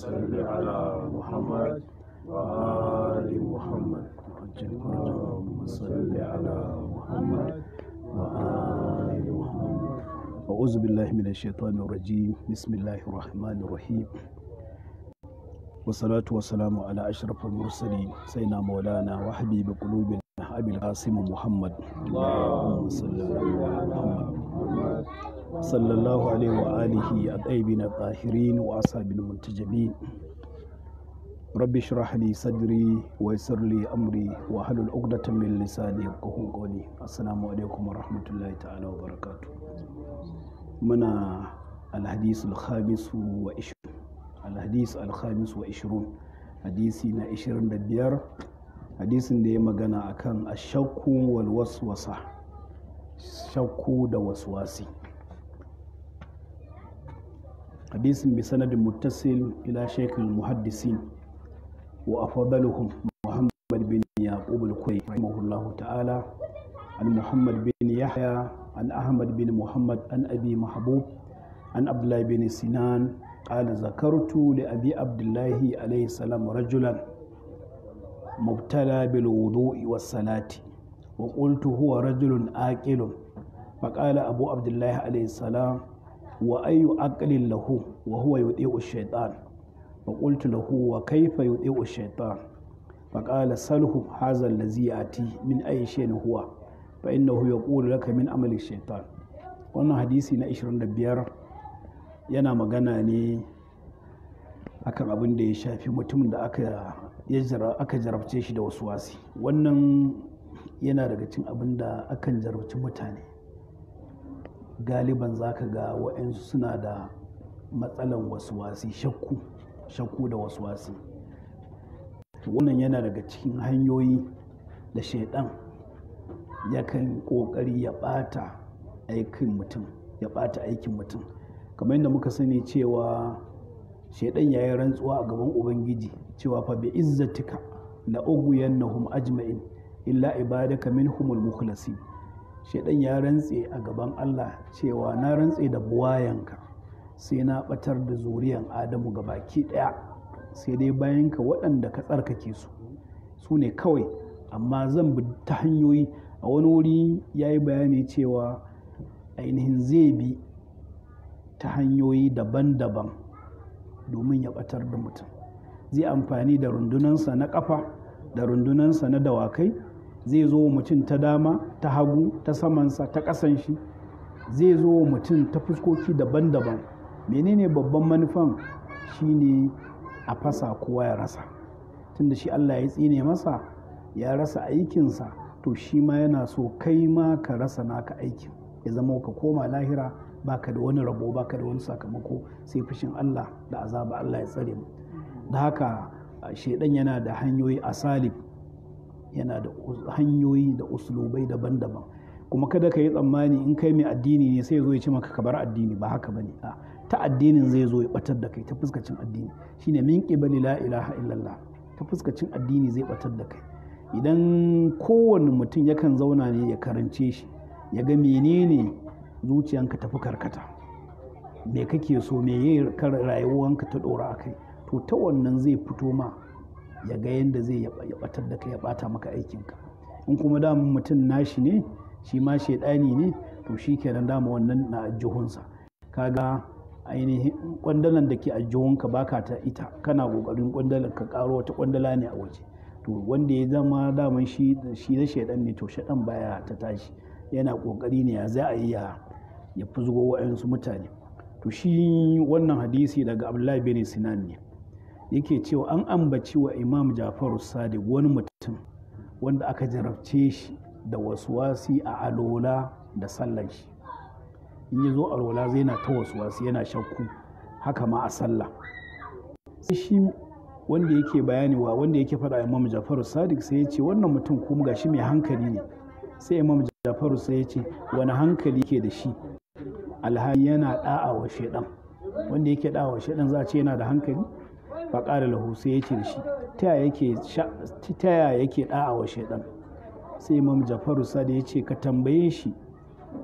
صل على محمد وآل محمد اللهم صل على محمد وآل محمد أعوذ بالله من الشيطان الرجيم بسم الله الرحمن الرحيم والصلاة والسلام على أشرف المرسلين سيدنا مولانا وحبيب قلوبنا أبي القاسم محمد اللهم صل على محمد sallallahu alaihi wa alihi at-tayyibin at-tahirin wa ashabil muntajibin rabbi li sadri wa yassir li amri wa halul 'uqdatan min lisani yafqahu qawli assalamu alaikum wa rahmatullahi ta'ala wa barakatuh muna al-hadith al-khamis wa 20 al-hadith al-khamis wa 20 hadisi na 25 hadisin da ya magana akan ashakku wal waswasa shakku da waswasi حديث بسند متصل إلى شيخ المحدثين وأفضلهم محمد بن يعقوب الكوي رحمه الله تعالى عن محمد بن يحيى عن أحمد بن محمد عن أبي محبوب عن عبد الله بن سنان قال ذكرت لأبي عبد الله عليه السلام رجلا مبتلى بالوضوء والصلاة وقلت هو رجل آكل فقال أبو عبد الله عليه السلام wa ayyu aqlin lahu wa huwa yuti'u ash-shaytan fa qultu lahu wa kayfa yuti'u ash-shaytan fa qala salhu hadha allazi yati min ayyi shay'in huwa fa innahu yaqulu laka min amali ash-shaytan wannan hadisi na 25 yana magana ne akan abin da ya shafi mutumin da aka aka jarabce shi da wasu wasi wannan yana daga cikin abin da akan jarabci mutane galiban za ka ga wa'yansu suna da matsalan wasuwasi shakku shakku da wasu wasuwasi wannan yana daga cikin hanyoyi da shaidan yakan kokari ya bata aikin mutum ya ɓata aikin mutum kamar yadda muka sani cewa shaidan ya yi rantsuwa a gaban ubangiji cewa fa bi izzatika la ughwiyannahum ajma'in illa ibadaka minhumul mukhlasin shaidan ya rantse a gaban Allah cewa na rantse da buwayanka sai na ɓatar da zuriyan Adamu ga baki daya sai dai bayanka waɗanda ka tsarkake su su ne kawai amma zan bi ta hanyoyi a wani wuri ya yi bayani cewa ainihin zai bi ta hanyoyi daban-daban domin ya batar da mutum zai amfani da rundunansa na ƙafa, da rundunansa na dawakai zai zo mutum ta dama ta hagu ta samansa ta ƙasan shi zai zo mutum ta fuskoki daban-daban menene babban manufan shine a fasa kowa ya rasa tunda shi allah ya tsine masa ya rasa aikinsa to shi ma yana so kai ma ka rasa naka aikin ya zama ka koma lahira ba ka da wani rabo ka da wani sakamako sai fushin allah da azaba allah ya tsare mu da haka shaidan yana da hanyoyi a salib yana da hanyoyi da uslubai daban-daban kuma kada ka yi tsammani in kai mai addini ne sai zo ya ce maka ka bar addini ba haka bane a ta addinin zai zo ya batar da kai ta fuskacin addini shine min qibali la ilaha illallah ta fuskacin addini zai batar da kai idan kowane mutum yakan zauna ne ya karance shi ya ga menene zuciyanka tafi karkata me kake so me rayuwanka ta dora akai to ta wannan zai fito ma ya ga yadda zai ya batar da kai ya bata maka aikinka in kuma daman mutum nashi ne shi ma shaidani ne to shi kenan dama wannan na ajihunsa kaga ainihin kwandalan da ke ajihunka baka ta ita kana kokarin kwandalan ka karo wata kwandala ne a waje to wanda ya zama daman shi shi na shaidan ne to shaidan baya ta tashi yana kokari ne ya za a yi ya ya fuzgo wa'ansu mutane to shi wannan hadisi daga abdullahi bin sinan ne yake cewa an ambaci wa imam jafaru sadiq wani mutum wanda aka jarabce shi da wasuwasi a alola da sallan shi in ya zo alola zai na ta wasuwasi yana shakku haka ma a salla. sai shi wanda yake bayani wa wanda yake faɗa imam jafaru sadiq sai ya ce wannan mutum kuma gashi mai hankali ne sai imam jafaru sai ya ce wani hankali ke da shi alhali yana da'awa shaidan wanda yake da'awa shaidan za a ce yana da hankali faƙara lahu sai ya ce da shi ta yaya yake ɗa'a wa shaidan sai imam jafaru sada ya ce ka tambaye shi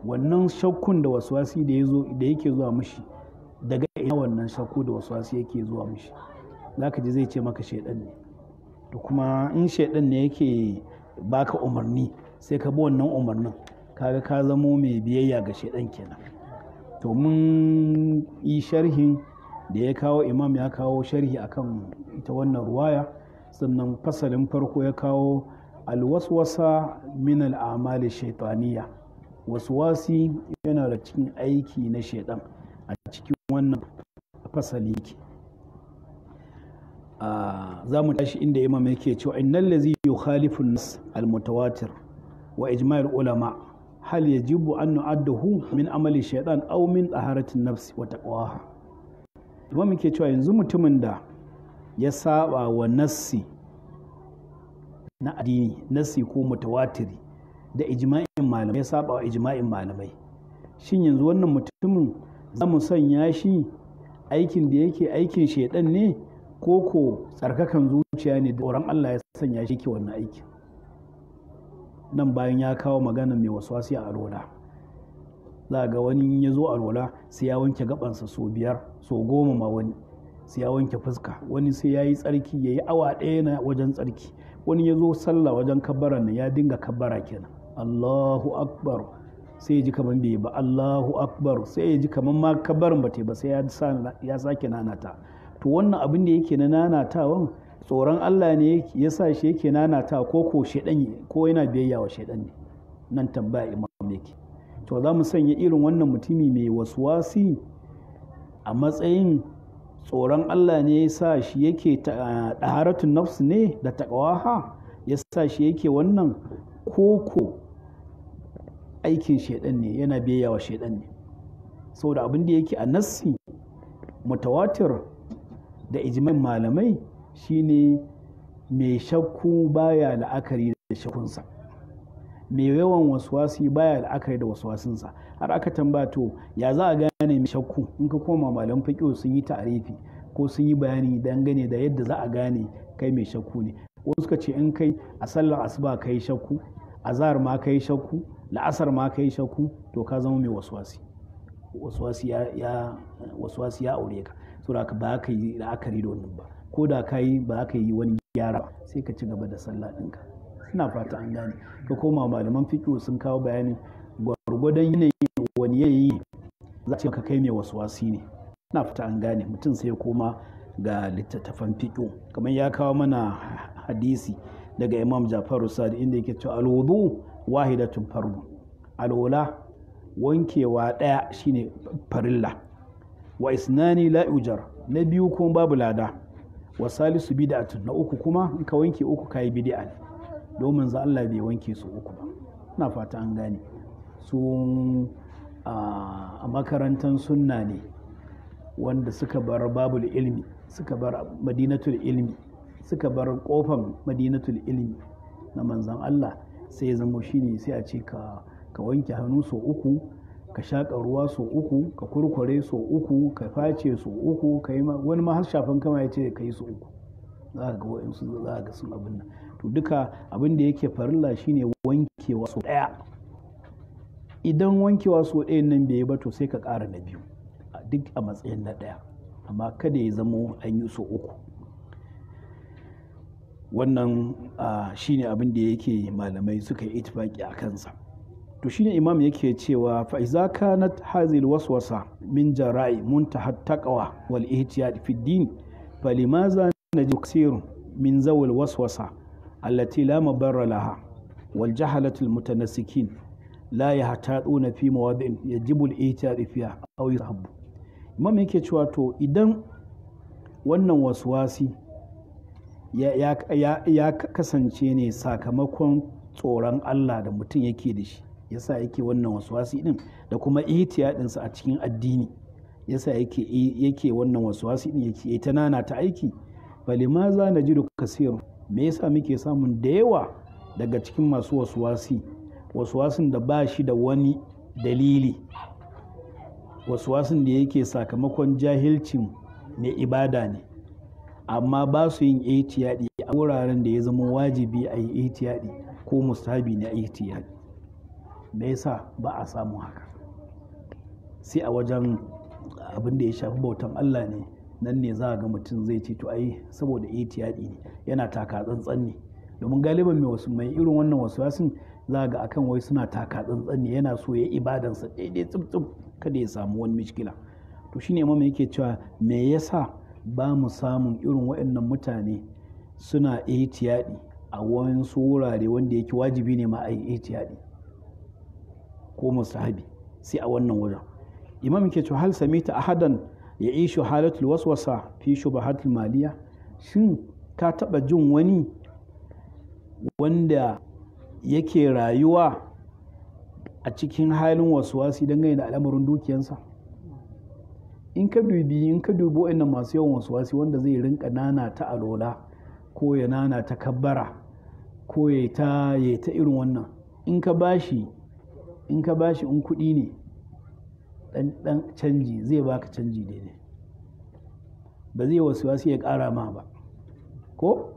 wannan shakkun da waswasi da da yake zuwa mishi daga ina wannan shakku da waswasi yake zuwa mishi zaka ji zai ce maka shaidan ne da kuma in shaidan ne yake baka umarni sai ka bi wannan umarnin kaga ka zamo mai biyayya ga shaidan kenan to mun yi sharhin da ya kawo imam ya kawo sharhi akan ita wannan ruwaya sannan fasalin farko ya kawo alwaswasa min al'amali shaitaniya waswasi yana da cikin aiki na shaidan a cikin wannan fasali ke za mu tashi inda imam yake cewa innal yi yukhalifu nas al-mutawatir wa ijma'il ulama hal yajibu an nu'addahu min amali shaitan aw min taharati nafsi wa taqwaha ruwa muke cewa yanzu mutumin da ya saba wa nassi na addini nassi ko mutawatiri da ijma'in malamai ya saba wa ijma'in malamai shin yanzu wannan mutumin za mu sanya shi aikin da yake aikin shaidan ne ko ko tsarkakan zuciya ne da oran Allah ya sanya shi ke wannan aikin nan bayan ya kawo magana mai wasu a aroda. za ga wani ya zo alwala sai ya wanke gabansa so biyar so goma ma wani sai ya wanke fuska wani sai ya yi tsarki ya yi awa ɗaya na wajen tsarki wani ya zo sallah wajen kabbara na ya dinga kabbara kenan allahu akbar sai ya ji kaman bai ba allahu akbar sai ya ji kaman ma kabbarin ba ba sai ya sake nanata to wannan abin da yake na nanatawan tsoron allah ne ya sa shi yake nanata ko ko ko yana biyayya wa shaidan ne nan tambaya imam yake to za mu sanya irin wannan mutumi mai waswasi a matsayin tsoron Allah ne ya sa shi yake ɗaharatun nafsu ne da taƙawaha ya sa shi yake wannan koko aikin shaidan ne yana biyayya wa shaidan ne saboda abin da yake a nassi mutawatir da ijimin malamai shine mai shakku baya la'akari da shakunsa me yawan waswasi baya la'akari da waswasinsa har aka tambaya to ya za a gane mai shakku in ka koma malam fiqh sun yi ta'arifi ko sun yi bayani dangane da yadda za a gane kai mai shakku ne wasu suka ce in kai a sallar asuba kai shakku azhar ma kai shakku la'asar ma kai shakku to ka zama mai waswasi waswasi ya waswasi ya aure ka saboda ba ka yi la'akari da wannan ba ko da ka yi ba ka yi wani gyara sai ka ci gaba da sallah ɗinka ina fata an gane ka koma malaman fiqh sun kawo bayani gwargwadon yanayi wani yayi za ce ka kai mai wasu wasi ne ina fata an gane mutum sai ya koma ga littattafan fiqh kamar ya kawo mana hadisi daga imam jafaru sadi inda yake cewa alwudu wahidatun fardu alwula wankewa ɗaya shine farilla wa isnani la ujar na biyu kuma babu lada wa salisu bid'atun na uku kuma in ka wanke uku kayi bid'a ne domin za Allah bai wanke su uku ba na fata an gane su a makarantar sunna ne wanda suka bar babul ilmi suka bar madinatul ilmi suka bar kofan madinatul ilmi na manzan Allah sai zama shi ne sai a ce ka wanke hannu so uku ka shaƙa ruwa so uku ka kurkure so uku ka face so uku ka yi wani ma har kama ya ce ka yi so uku za ka ga waɗansu za a ga sun abin nan to duka abin da yake farilla shine wankewa so daya idan wankewa so ɗaya nan bai ba to sai ka ƙara na biyu duk a matsayin na ɗaya amma kada ya zamo an yi so uku wannan shine abin da yake malamai suka yi itifaki a kansa to shine imam yake cewa fa iza kanat hazil waswasa min jara'i muntahat taqwa wal ihtiyad fi din falimaza najib min zawil waswasa allati la mabarra laha wal jahalatu al mutanasikin la yahtaduna fi mawadin yajibu ihtiyar fiha aw yuhabbu yake cewa to idan wannan waswasi ya kasance ne sakamakon tsoron Allah da mutum yake da shi yasa yake wannan waswasi din da kuma sa a cikin addini yasa yake yake wannan waswasi din yake ta nana ta aiki bali ma za na ji da me yasa muke samun da yawa daga cikin masu wasuwasi wasuwasin da ba shi da wani dalili wasuwasin da yake sakamakon jahilcin mai ibada ne amma ba su yin ihtiyadi a wuraren da ya zama wajibi a yi ihtiyadi ko musabi na ihtiyadi me yasa ba a samu haka sai a wajen abin da ya shafi bautan Allah ne nan ne za a ga mutum zai ce to ai saboda ihtiyadi ne yana taka tsantsan ne domin galiban mai wasu mai irin wannan wasu yasin za ga akan wai suna taka tsantsan ne yana so ya yi ibadan ibadansa daidai tsibtsib kada ya samu wani mishkila to shine imam yake cewa me yasa ba mu samun irin waɗannan mutane suna ihtiyadi a wasu wurare wanda yake wajibi ne ma a yi ihtiyadi ko musahabi sai a wannan wurin imam yake cewa hal samita ahadan ya ishu halatul waswasa fi shubahatul maliya shin ka taba jin wani wanda yake rayuwa a cikin halin wasuwasi dangane da al'amarin dukiyansa in ka dubi in ka dubi wa'annan masu yawan wasuwasi wanda zai rinka nana ta alola ko ya nana ta kabbara ko ya ta irin wannan in ka bashi in ka bashi in kuɗi ne ɗan canji zai baka canji daidai ba zai wasu wasu ya ƙara ma ba ko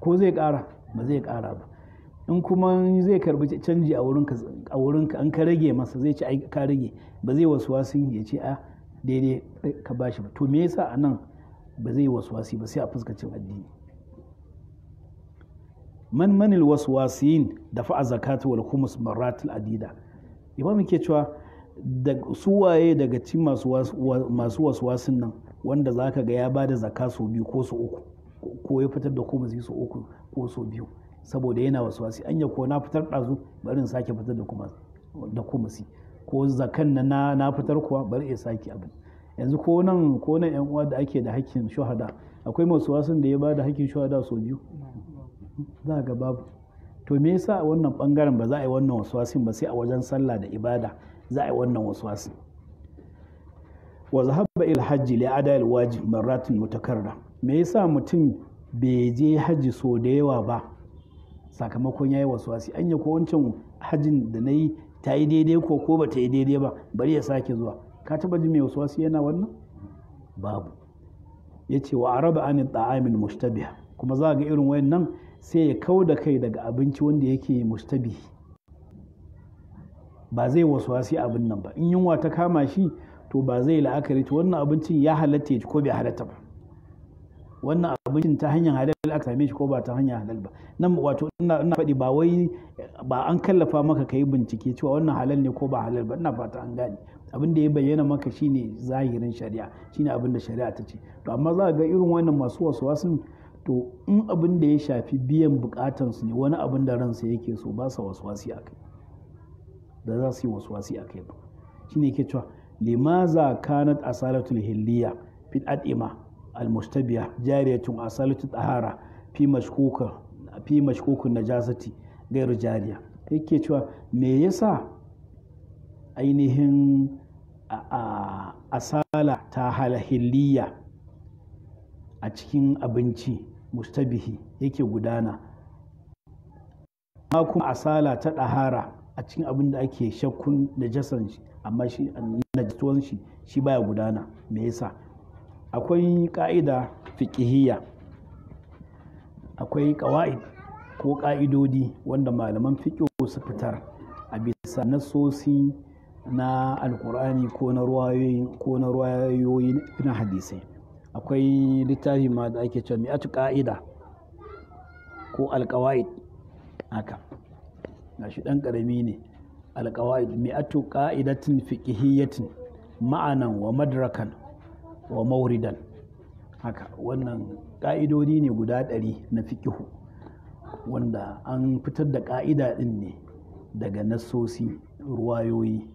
ko zai ƙara ba zai ƙara ba in kuma zai karbi canji a wurinka an ka rage masa zai ci ai ka rage ba zai wasu wasu ya ce a daidai ka bashi ba to me yasa a nan ba zai wasu wasu ba sai a fuskacin addini man manil wasu yin da fa'a zakatu wal khumus marratil adida imam ke cewa su waye daga cikin masu waswasin nan wanda za ka ga ya ba da zaka sau biyu ko sau uku ko ya fitar da kuma sau uku ko sau biyu saboda yana wasu an yi na fitar ɗazu barin sake fitar da kuma da ko zakan na na fitar kuwa bari in sake abin yanzu ko nan ko nan yan uwa da ake da hakkin shuhada akwai masu wasun da ya ba da hakkin shuhada sau biyu za ga babu to me yasa a wannan bangaren ba za a yi wannan wasu wasin ba sai a wajen sallah da ibada za a yi wannan waswasi wa zahabba il hajji li adal wajib marratin mutakarra me yasa mutum bai je hajji so da yawa ba sakamakon yayi waswasi anya ko wancan hajjin da nayi ta yi daidai ko ko ba ta yi daidai ba bari ya sake zuwa ka taba ji mai waswasi yana wannan babu ya ce wa araba an ta'amin mushtabiha kuma za ga irin wayannan sai ya kau da kai daga abinci wanda yake mustabihi ba zai wasi abin nan ba in yunwa ta kama shi to ba zai la'akari to wannan abincin ya halatta ya ko bai halatta ba wannan abincin ta hanyar halal aka same shi ko ba ta hanyar halal ba nan wato ina faɗi ba wai ba an kallafa maka ka yi bincike cewa wannan halal ne ko ba halal ba ina fata an gane abin da ya bayyana maka shine zahirin shari'a shine abin da shari'a ta ce to amma za ga irin wannan masu wasu to in abin da ya shafi biyan bukatansu ne wani abin da ransa yake so ba sa wasu wasi a kai da za su yi wasi a kai ba ne ke cewa limaza kanat asalatul hilliya fi ad'ima al mustabiya jariyatun asalatul tahara fi mashkuka fi mashkukun najasati gairu jariya ke cewa me yasa ainihin asala ta halahiliya a cikin abinci mustabihi yake gudana ma kuma asala ta ɗahara a cikin abin da ake shakkun da jasan shi amma shi jituwan shi shi baya gudana me yasa akwai ka'ida fiqhiyya akwai qawaid ko ka'idodi wanda malaman fiqh su fitar a bisa nasosi na alkur'ani ko na ruwayoyi ko na ruwayoyi na hadisai akwai littafi ma da ake cewa mi'atu ka'ida ko alqawaid haka gashi ɗan ƙarami ne alƙawa'id mi'atu ƙa'idatin fiqhiyyatin ma'anan wa madrakan wa mauridan haka wannan ƙa'idodi ne guda ɗari na fiƙihu wanda an fitar da ƙa'ida ɗin ne daga nasosi ruwayoyi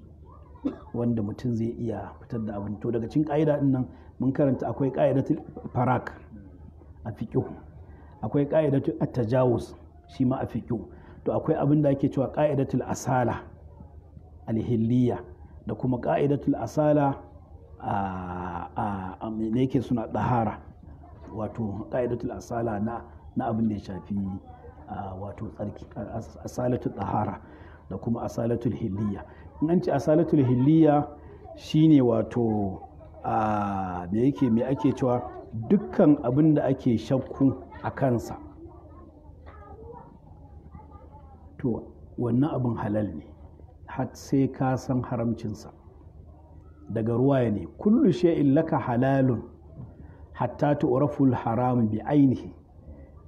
wanda mutum zai iya fitar da abin to daga cikin ƙa'ida ɗin nan mun karanta akwai ƙa'idatul farak a fiƙihu akwai ƙa'idatul tajawuz shi ma a fiƙihu to akwai abin da ake cewa ƙa'idatul asala alhilliya da kuma ƙa'idatul asala a ne yake suna dahara wato ƙa'idatul asala na abin da ya shafi wato tsarki asalatul ɗahara da kuma asalatul hilliya in an ce asalatul hilliya shine wato a me yake me ake cewa dukkan abin da ake shakku a kansa to wannan abin halal ne har sai ka san haramcinsa daga ruwaya ne kullu shay'in laka halalun hatta tu'raful haram bi ainihi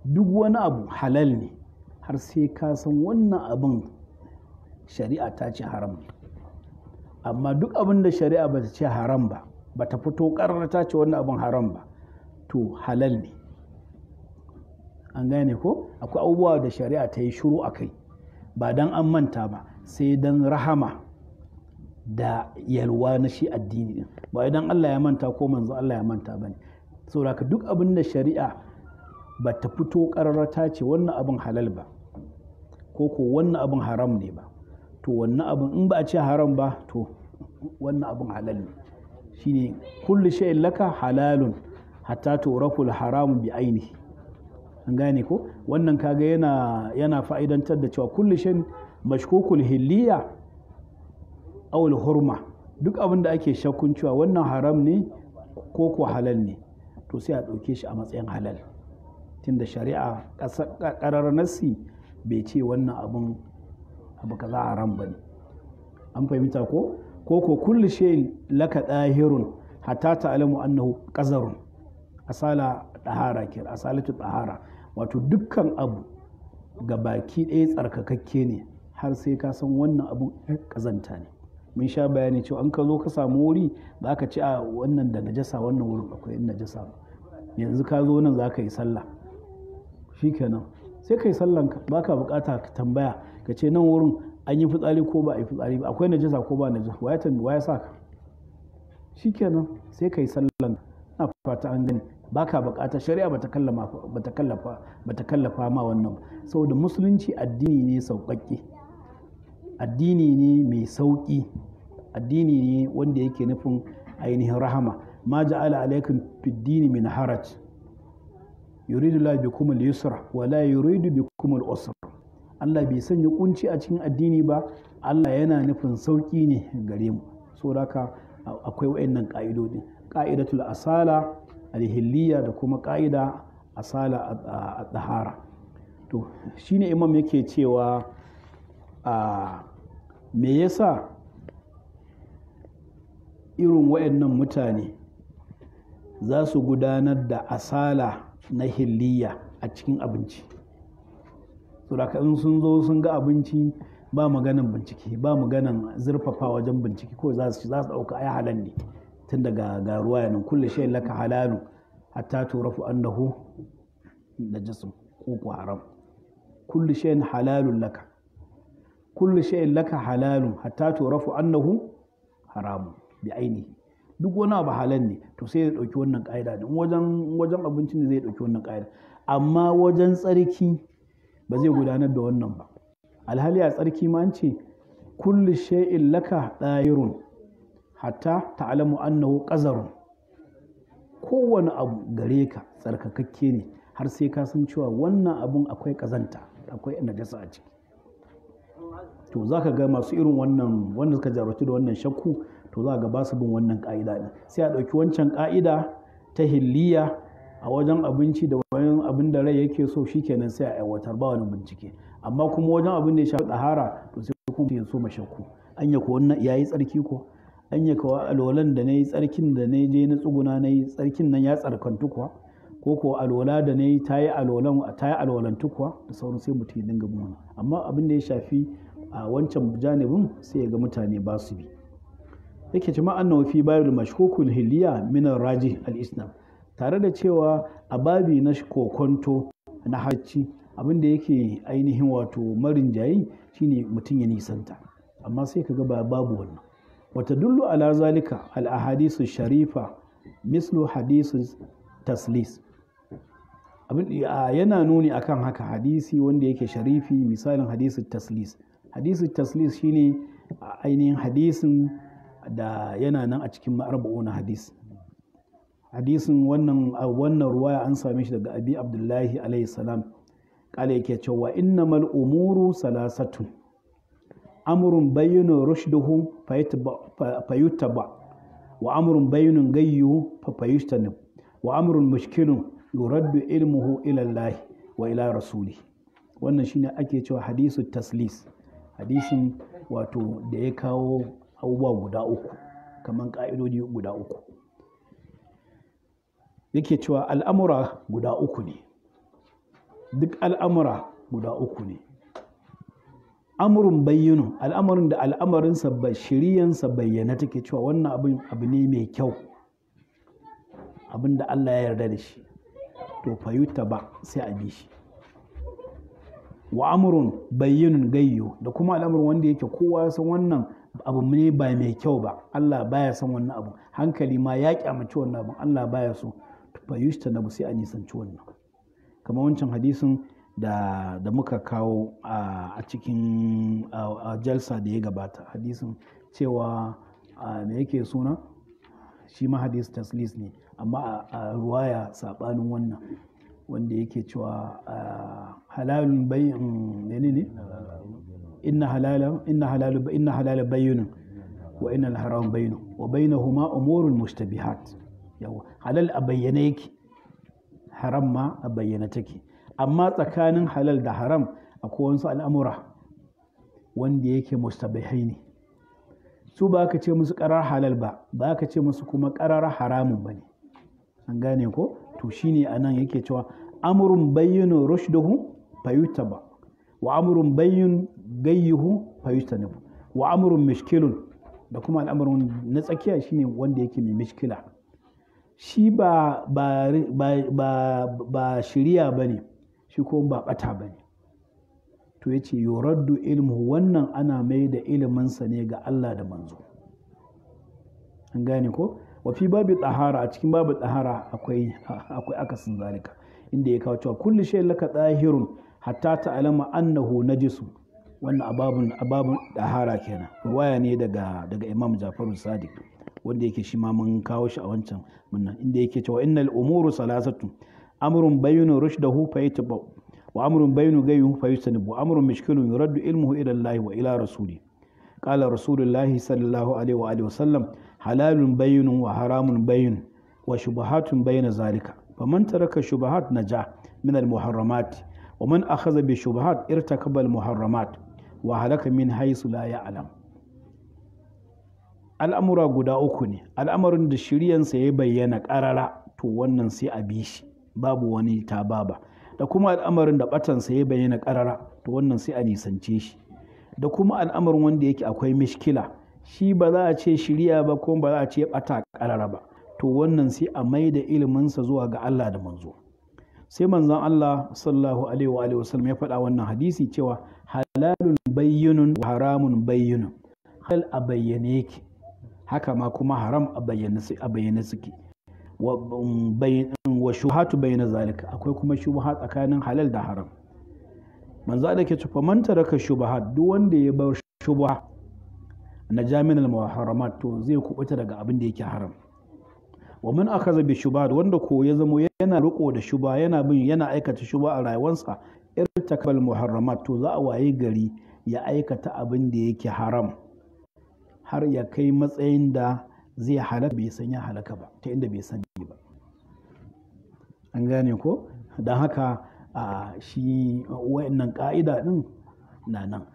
duk wani abu halal ne har sai ka san wannan abin shari'a ta ce haram ne amma duk abin da shari'a ba ta ce haram ba ba ta fito ƙarar ta ce wannan abin haram ba to halal ne an gane ko akwai abubuwa da shari'a ta yi shiru a kai ba don an manta ba sai don rahama da yalwa na shi addini din ba idan Allah ya manta ko manzo Allah ya manta bane saboda duk abin da shari'a ba ta fito ta ce wannan abin halal ba ko ko wannan abin haram ne ba to wannan abin in ba a ce haram ba to wannan abin halal ne shine kullu shay'in laka halalun hatta turaful haramu bi ainihi an gane ko wannan kaga yana yana fa'idantar da cewa kullu shin mashkukul hilliya aw hurma duk abin da ake shakkun cewa wannan haram ne ko ko halal ne to sai a dauke shi a matsayin halal tunda shari'a ƙarar nasi bai ce wannan abin abu kaza haram ba ne an fahimta ko ko ko kullu shay'in laka dahirun hatta ta'lamu annahu qazarun asala dahara kir asalatu dahara wato dukkan abu ga baki ɗaya tsarkakakke ne har sai ka san wannan abun ƙazanta ne mun sha bayani cewa an ka zo ka samu wuri za ka ci a wannan da najasa wannan wurin akwai in najasa yanzu ka zo nan za ka yi sallah kenan sai ka yi sallan ba ka bukata ka tambaya ka ce nan wurin an yi fitsari ko ba a yi fitsari ba akwai najasa ko ba najasa waya tambi waya sa ka shikenan sai ka yi sallan na fata an gani baka bukata shari'a ba ta kallafa ma wannan saboda musulunci addini ne sauƙaƙe addini ne mai sauƙi addini ne wanda yake nufin ainihin rahama ma ja'ala alaikum min haraj yuridu la bikum al-yusra wa la yuridu bikum al-usra Allah bai sanya kunci a cikin addini ba Allah yana nufin sauƙi ne gare mu saboda akwai wayannan ƙa'idodi ka'idatul asala alhilliya da kuma ƙa'ida asala a tsahara to shi ne imam yake cewa a me yasa irin waɗannan mutane za su gudanar da asala na hilliya a cikin abinci suraka in sun zo sun ga abinci ba maganan bincike ba maganan zurfafa wajen bincike ko za su ɗauka ai ne tun daga garuwa ruwa yanin kulle shayin laka halalu hatta turafu annahu da jisim kuku haram kulle shayin halalun laka kulle shayin laka halalun hatta turafu annahu haramu bi aini duk wani abu halal ne to sai ya dauki wannan ka'ida din wajen wajen abincin ne zai dauki wannan ka'ida. amma wajen tsarki ba zai gudanar da wannan ba alhali a tsarki ma an ce kullu shay'in laka dayirun hatta ta'lamu annahu qazarun kowane abu gare ka tsarkakakke ne har sai ka san cewa wannan abun akwai kazanta akwai najasa a ciki to za ka ga masu irin wannan wanda suka jarumci da wannan shakku to za ga ba su bin wannan ƙa'ida ne sai a ɗauki wancan ƙa'ida ta hilliya a wajen abinci da wajen abin da rai yake so shi kenan sai a aiwatar ba wani bincike amma kuma wajen abin da ya shafi ɗahara to sai kuma ya so ma shakku. an ya ko wannan yayi tsarki ko anya kawa alwalan da na yi tsarkin da na je na tsuguna na yi tsarkin nan ya tsarkantu kuwa ko ko alwala da na yi ta yi alwalan ta yi kuwa da sauran sai mutum ya dinga bin amma abin da ya shafi a wancan janibin sai ya ga mutane ba su bi yake ci ma'an fi babil mashkukul hiliya minar raji al tare da cewa a babi na kokonto na hacci abin da yake ainihin wato marin jayi shine mutum ya nisanta amma sai ka ga babu wannan وتدل على ذلك الأحاديث الشريفة مثل حديث تسليس yana nuni akan haka hadisi wanda yake sharifi misalin hadisin taslis hadisi taslis shine ainihin hadisin da yana nan a cikin na hadis hadisin wannan wannan ruwaya an same shi daga abi abdullahi alaihi salam kala yake cewa innamal umuru salasatun amrun bayyinun rushduhu ba wa amrun bayyinun gayyu fayustanib wa amrun mushkilun yuraddu ilmuhu ila wa ila rasuli wannan shine ake cewa hadisu taslis hadisin wato da ya kawo abubuwa guda uku kamar ka'idoji guda uku yake cewa al'amura guda uku ne duk al'amura guda uku ne amurin bayyano al'amarin da al'amarinsa shiriyansa bayyana take cewa wannan abin abu ne mai kyau abin da Allah ya yarda da shi to fayuta ba sai a bi shi wa amurun bayyinun gayyo da kuma al'amarin wanda yake kowa ya san wannan abu ne ba mai kyau ba Allah baya san wannan abu hankali ma ya kyamaci wannan abu Allah baya so to fayuta na sai a nisanci wannan kamar wancan hadisin da, da muka kawo a cikin jalsa da ya gabata hadisin cewa me yake suna shi ma hadis taslis ne amma a ruwaya saɓanin wannan wanda yake cewa halalun bayin ne ne inna halalu bayyinin wa inna haram bayyinu wa bainahuma umurul mushtabihat yawa halal a bayyana yake haram ma a bayyana take amma tsakanin halal da haram a wasu al'amura wanda yake mustabihai ne su ba ka ce musu karar halal ba ba ka ce musu kuma karar haramun ba ne an gane ko to shi a anan yake cewa bayyano bayyinu rushduhu ba wa amurin bayyun gayyuhu ne wa amurin mishkilun da kuma al'amarin na tsakiya shi ne wanda yake mai mishkila shi ba ba ba ba shiriya bane shi ko ba ɓata ba ne to ya ce yoraddu ilmu wannan ana mai da iliminsa ne ga Allah da manzo an gane ko wafi babu tsahara a cikin babu tsahara akwai akasin zalika inda ya kawo cewa kulli shayin laka tsahirun hatta ta alama annahu jisu. wannan ababun ababun tsahara kenan ruwaya ne daga Imam Jafaru Sadiq wanda yake shi ma mun kawo shi a wancan munnan inda yake cewa innal umuru salasatu amrun bayinu rushdahu fayatba wa amrun bayinu gayu fayastanib wa amrun mishkilun yuraddu ilmuhu ila Allah wa ila rasuli qala rasulullahi sallallahu alaihi wa halalun bayinun wa haramun bayin wa shubahatun bayna zalika faman taraka shubahat naja min al muharramat wa man akhadha bi shubahat irtakaba muharramat wa min haythu ya ya'lam al'amura guda uku ne al'amarin da shiryansa ya bayyana ƙarara to wannan sai a bi shi babu wani ta tababa da kuma al'amarin da batansa ya bayyana karara to wannan sai a nisance shi da kuma al'amarin wanda yake akwai mishkila shi ba za a ce shirya ba ko ba za a ce bata karara ba to wannan sai a mai da iliminsa zuwa ga Allah da manzo sai manzon Allah sallallahu alaihi wa alihi wasallam ya faɗa wannan hadisi cewa halalun bayyinun wa haramun bayyinun hal a bayyane yake haka ma kuma haram a bayyane suke um, wa shubhatu bayna zalika akwai kuma shubha tsakanin halal da haram manzo da ke cewa man taraka shubha duk wanda ya bar shubha na jaminal muharramat to zai kubuta daga abin da yake haram wa man akaza bi shubha wanda ko ya zamo yana riko da shubha yana bin yana aikata shubha a rayuwarsa irtakal muharramat to za a waye gari ya aikata abin da yake haram har ya kai matsayin da zai halaka bai san ya halaka ba ta inda bai sani ba an gane ko don haka a shi wa'annan ka'ida din na nan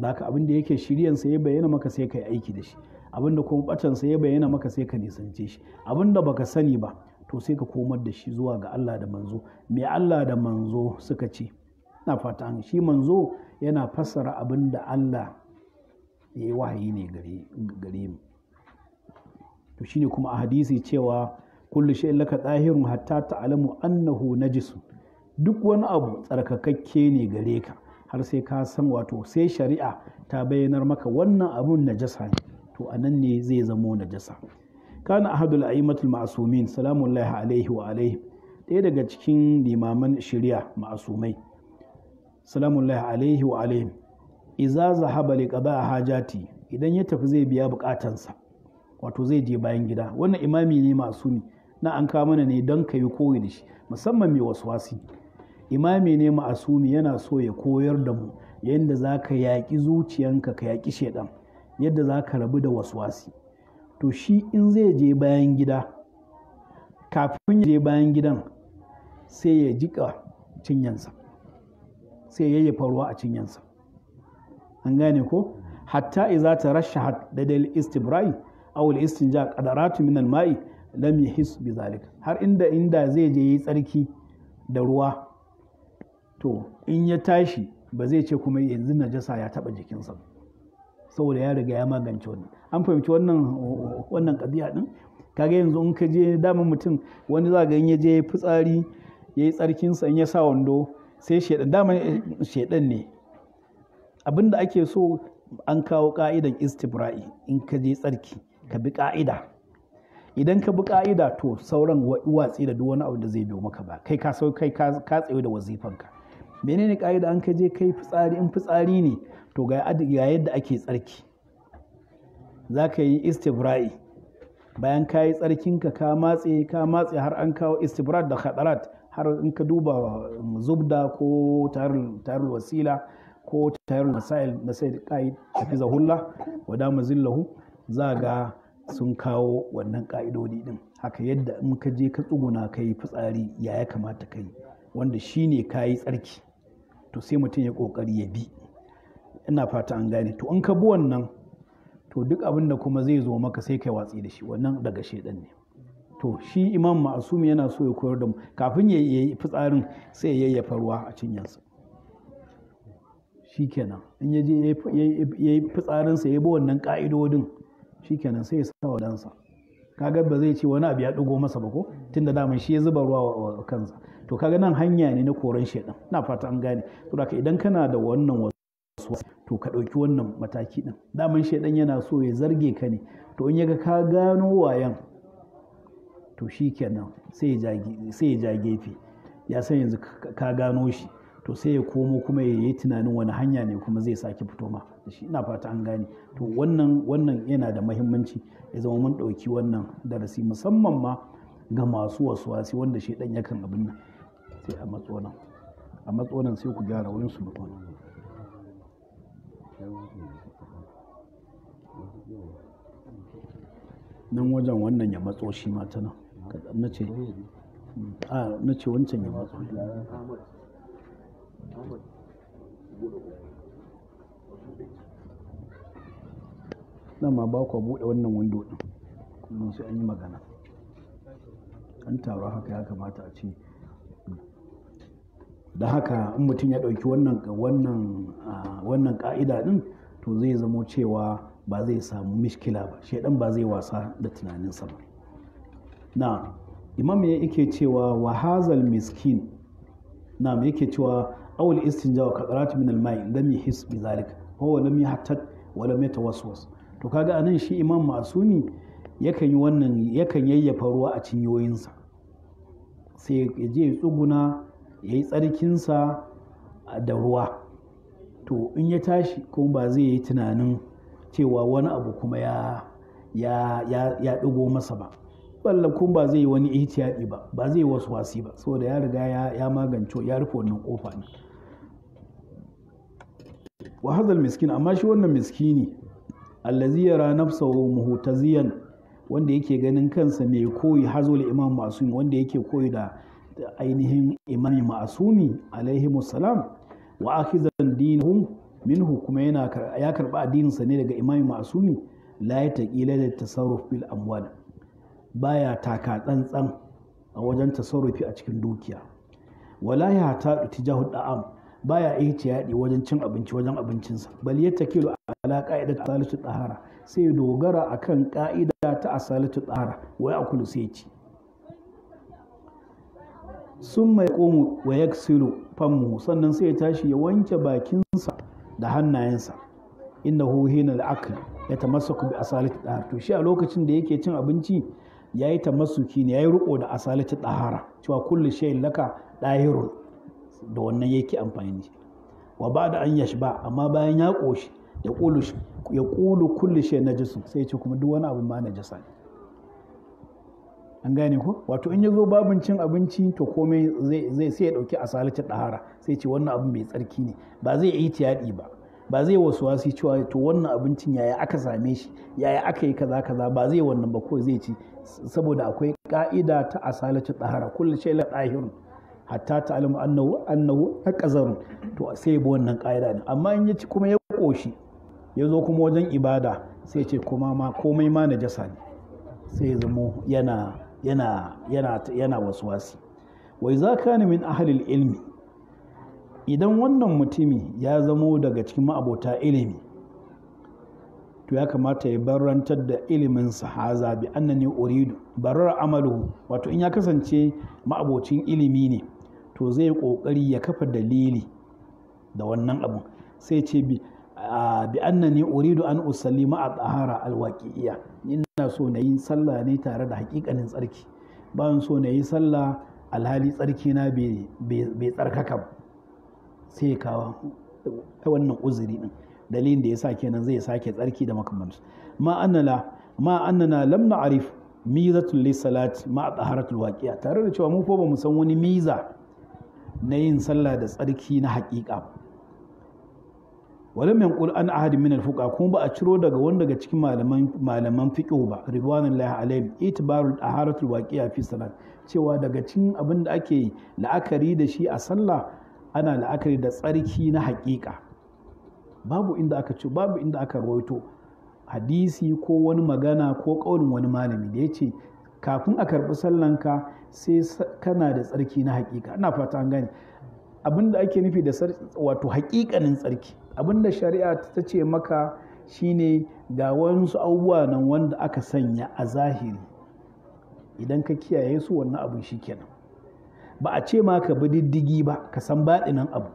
da haka abin da yake shiryan sa ya bayyana maka sai ka aiki da shi abin da kuma bacan sa ya bayyana maka sai ka nisance shi abin da baka sani ba to sai ka komar da shi zuwa ga Allah da manzo me Allah da manzo suka ce na fata shi manzo yana fassara abin da Allah ya yi wahayi ne gare mu to shine kuma a hadisi cewa kullu shay laka tsahirun hatta ta'lamu annahu najisun duk wani abu tsarkakakke ne gare ka har sai ka san wato sai shari'a ta bayyanar maka wannan abun najasa ne to anan ne zai zamo najasa kana ahadul a'immatul ma'sumin salamullahi alaihi wa alaihi ɗaya daga cikin limaman shari'a ma'asumai salamullahi alaihi wa alaihi iza zahaba li hajati idan ya tafi zai biya bukatansa wato zai je bayan gida wannan imami ne masumi na an kawo mana ne don ka yi koyi da shi musamman mai waswasi imami ne ma'asumi yana so ya koyar da mu yadda za ka yaƙi zuciyanka ka yaƙi shaidan yadda za ka rabu da waswasi to shi in zai je bayan gida kafin ya je bayan gidan sai ya jiƙa cinyansa sai ya yi faruwa a cinyansa an gane ko hatta iza ta rashahat da dal istibrai awul istinja qadaratu min al-ma'i lam yahis bi zalik har inda inda zai je yi tsarki da ruwa to in ya tashi ba zai ce kuma yanzu najasa ya taba jikinsa saboda ya riga ya magance wannan an fahimci wannan wannan kadiya din kaga yanzu in ka je dama mutum wani za ga in ya je fitsari yayi tsarkinsa in ya sa wando sai shedan dama eh, shedan ne abinda ake so an kawo ka'idan istibra'i in ka je tsarki ka bi ka'ida idan ka bi ka'ida to sauran watsi da duk wani abu da zai biyo maka ba kai ka sau kai ka tsaye da wazifanka menene ka'ida an ka je kai fitsari in fitsari ne to ga yadda ake tsarki za ka yi istibra'i bayan ka yi tsarkinka ka matse ka matse har an kawo istibrat da khadarat har in ka duba um, zubda ko tarul wasila ko tarul masail na sai yi tafi zahulla wa mazillahu za ga sun kawo wannan ƙa'idodi ɗin haka yadda in ka je ka tsuguna ka yi fitsari ya ya kamata ka yi wanda shi ne ka yi tsarki to sai mutum ya ƙoƙari ya bi ina fata an gane to in ka bi wannan to duk abin da kuma zai zo maka sai kai watsi da shi wannan daga shaidan ne to shi imam ma'asumi yana so ya koyar da mu kafin ya yi fitsarin sai ya yayyafa ruwa a cinyansa shi kenan in ya je ya yi fitsarinsa ya bi wannan ka'idodin shikenan sai ya sa wa dansa kaga ba zai ce wani abu ya ɗigo masa ba ko tunda daman shi ya zuba ruwa wa kansa to kaga nan hanya ne na koran shedan na fata an gane to da idan kana da wannan wasu to ka ɗauki wannan mataki din. daman shedan yana so ya zarge ka ne to in yaga ka gano wayan to shi kenan sai ya ja gefe ya san yanzu ka gano shi to sai ya komo kuma ya yi tunanin wani hanya ne kuma zai sake fito ma da shi ina fata an gane to wannan wannan yana da mahimmanci ya zama mun ɗauki wannan darasi musamman ma ga masu wasuwasi wanda shi ɗan yakan abin nan sai a matsonan a matsonan sai ku gyara wurin su matsonan nan wajen wannan ya matso shi ma ta nan na ce na ce wancan ya matso shi nan ma ba kwa buɗe wannan wando ɗin kullum sai an yi magana an taro haka ya kamata a ce da haka in mutum ya ɗauki wannan ƙa'ida ɗin to zai zamo cewa ba zai samu mishkila ba ɗan ba zai wasa da tunaninsa ba na imam ya yake cewa wa hazal miskin na me yake cewa awul istinja wa qatratu min al-ma'i lam yahis bi zalika huwa lam yahtat wa lam yatawaswas to kaga anan shi imam masumi yakan yi wannan yakan yayyafa ruwa a cinyoyinsa sai ya je ya tsuguna ya yi tsarkinsa da ruwa to in ya tashi kuma ba zai yi tunanin cewa wani abu kuma ya ya ya ɗigo masa ba balla kuma ba zai yi wani ihtiyadi ba ba zai yi wasu wasi ba saboda ya riga ya magance ya rufe wannan kofa ne wa hazal miskin amma shi wannan miskini allazi yara nafsahu muhtaziyan wanda yake ganin kansa mai koyi hazul imam masumi wanda yake koyi da ainihin imami masumi alaihi musallam wa akhizan dinahum minhu kuma yana ya karba sa ne daga imami masumi la ya taqila da tasarruf bil amwal baya taka tsantsan a wajen tasarrufi a cikin dukiya wala ya ta tijahu da'am baya yaɗi wajen cin abinci wajen abincinsa bal yattakilu ala ta salatu tahara sai ya dogara akan ka'ida ta asalatu tahara a Kulu sai ci sun mai komu wa yaksilu fammu sannan sai ya tashi ya wanke bakinsa da hannayensa hu hina al-akl yatamassaku bi asalatu tahara to shi a lokacin da yake cin abinci yayi tamassuki ne yayi ruko da asalatu tahara cewa kullu shay'in laka dahirun da wannan yake amfani da shi wa ba da an ba amma bayan ya ƙoshi ya ƙulu ya ƙulu kulli shay sai ce kuma duk wani abu ma jisa ne an gane ko wato in ya zo babin cin abinci to komai zai sai ya ɗauki asalatin ɗahara sai ce wannan abin mai tsarki ne ba zai yi tiyaɗi ba ba zai wasu wasi cewa to wannan abincin yaya aka same shi yaya aka yi kaza kaza ba zai wannan ba ko zai ci saboda akwai ka'ida ta asalatin ɗahara kulli shay la ɗahirun hatta ta'lamu annahu annahu aqzarun to sai ya wannan ƙa'ida ne amma in ya ci kuma ya koshi ya zo kuma wajen ibada sai ce kuma ma komai ma najasa ne sai ya zamo yana yana yana yana waswasi wai za kana min ahalil ilmi idan wannan mutumi ya zamo daga cikin ma'abota ilimi to ya kamata ya barantar da ilimin sahaza bi annani uridu barar amalu wato in ya kasance ma'abocin ilimi ne to zai ƙoƙari ya kafa dalili da wannan abun sai ce bi bi annani uridu an usalli ma tsahara alwaƙiyya. ina so na yi sallah ne tare da hakikanin tsarki bayan so na yi sallah alhali tsarki na bai tsarkaka sai ka wannan uzuri din dalilin da ya sa kenan zai sake tsarki da makamansu ma annala ma annana lam na'rif mizatul lisalat ma taharatul waqi'a tare da cewa mu ko ba mu san wani miza na yin sallah da tsarki na haƙiƙa Wani min qul an min alfuka kuma ba a ciro daga wanda daga cikin malaman malaman fiqh ba ridwanullahi alaihim a taharatul waqi'a fi salat cewa daga cikin abin da ake la'akari da shi a sallah ana la'akari da tsarki na haƙiƙa babu inda aka ce babu inda aka rawaito hadisi ko wani magana ko ƙaunin wani malami da ya ce kafin a karɓi sallanka sai kana da tsarki na hakika ina fata an gane abinda ake nufi da wato hakikanin tsarki abinda shari'a ta ce maka shine ga wasu abubuwa nan wanda aka sanya a zahiri idan ka kiyaye su wannan abin shikenan ba a ce ma ka bi diddigi ba ka san baɗinan abu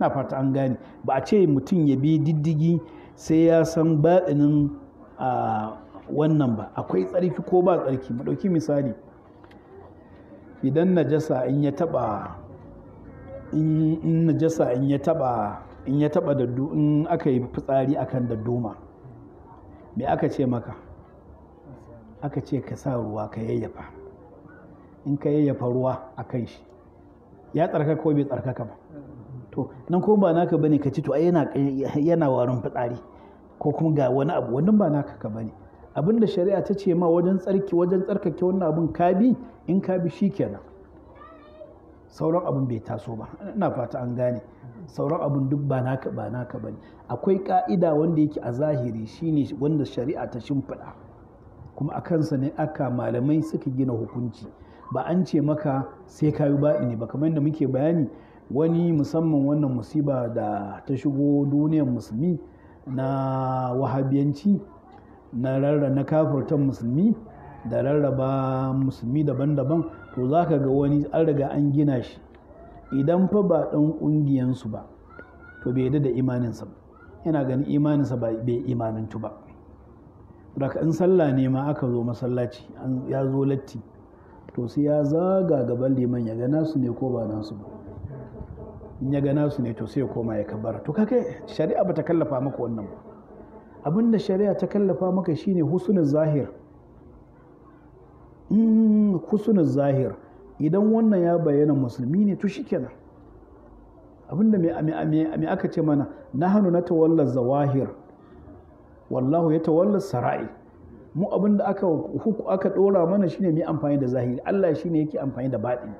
na fata an gane ba a ce mutum ya bi diddigi sai ya san baɗinin ah, wannan ba akwai tsarki ko ba tsarki mu ɗauki misali idan najasa in ya taɓa in najasa in ya taɓa in ya taɓa da in aka yi fitsari akan dadduma me aka ce maka aka ce ka sa ruwa ka yayyafa in ka yayyafa ruwa a kan shi ya tsarkaka ko bai tsarkaka ba to nan kuma ba naka bane ka ci to ai yana yana warin fitsari ko kuma ga wani abu wannan ba naka ka bane abinda shari'a ta ce ma wajen tsarki wajen tsarkake wannan abin ka bi in ka bi kenan sauran abin bai taso ba ina fata an gane sauran abin duk ba naka ba naka bane akwai ka'ida wanda yake a zahiri shine wanda shari'a ta shimfiɗa kuma a kansa ne aka malamai suka gina hukunci ba an ce maka sai ka yi baɗi ne ba kamar yadda muke bayani wani musamman wannan musiba da ta shigo duniyar musulmi na wahabiyanci na rarraba kafurtan musulmi da rarraba musulmi daban-daban to za ka ga wani an riga an gina shi idan fa ba ɗan ƙungiyansu ba to bai yadda da imaninsa ba yana ganin imaninsa ba bai imanintu ba daga in sallah ne ma aka zo masallaci ya zo latti to sai ya zaga gaban liman ya gana su ne ko ba nasu ba in ya gana su ne to sai ya koma ya kabara to kake shari'a ba ta kallafa maka wannan ba abin da shari'a ta kallafa maka shine husnul zahir mm, zahir idan wannan ya bayyana musulmi ne to shikenan abinda mai aka ce mana na hannu na tawallar zawahir wallahu ya tawallar sara'i mu abinda aka huku aka dora mana shine mai amfani da zahiri Allah shine yake amfani da baɗi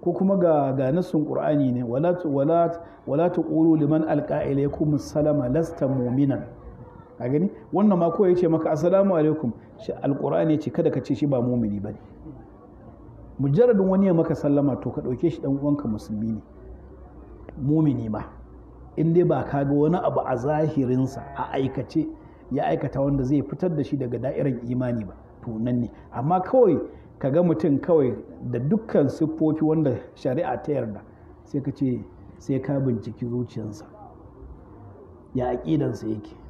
ko kuma ga ga nassun ne wala wala wala liman liman ya kuma salama lasta mu'minan a gani wannan ma kawai ce maka assalamu alaikum shi ya ce kada ka ce shi ba mumini ne mujarradin wani ya maka sallama to ka dauke shi dan uwanka musulmi ne mumini ba in dai ba ka ga wani abu a zahirinsa a aikace ya aikata wanda zai fitar da shi daga da'irar imani ba to nan ne amma kawai ka ga mutum kawai da dukkan siffofi wanda shari'a ta yarda sai ka ce sai ka binciki zuciyarsa ya aƙidansa yake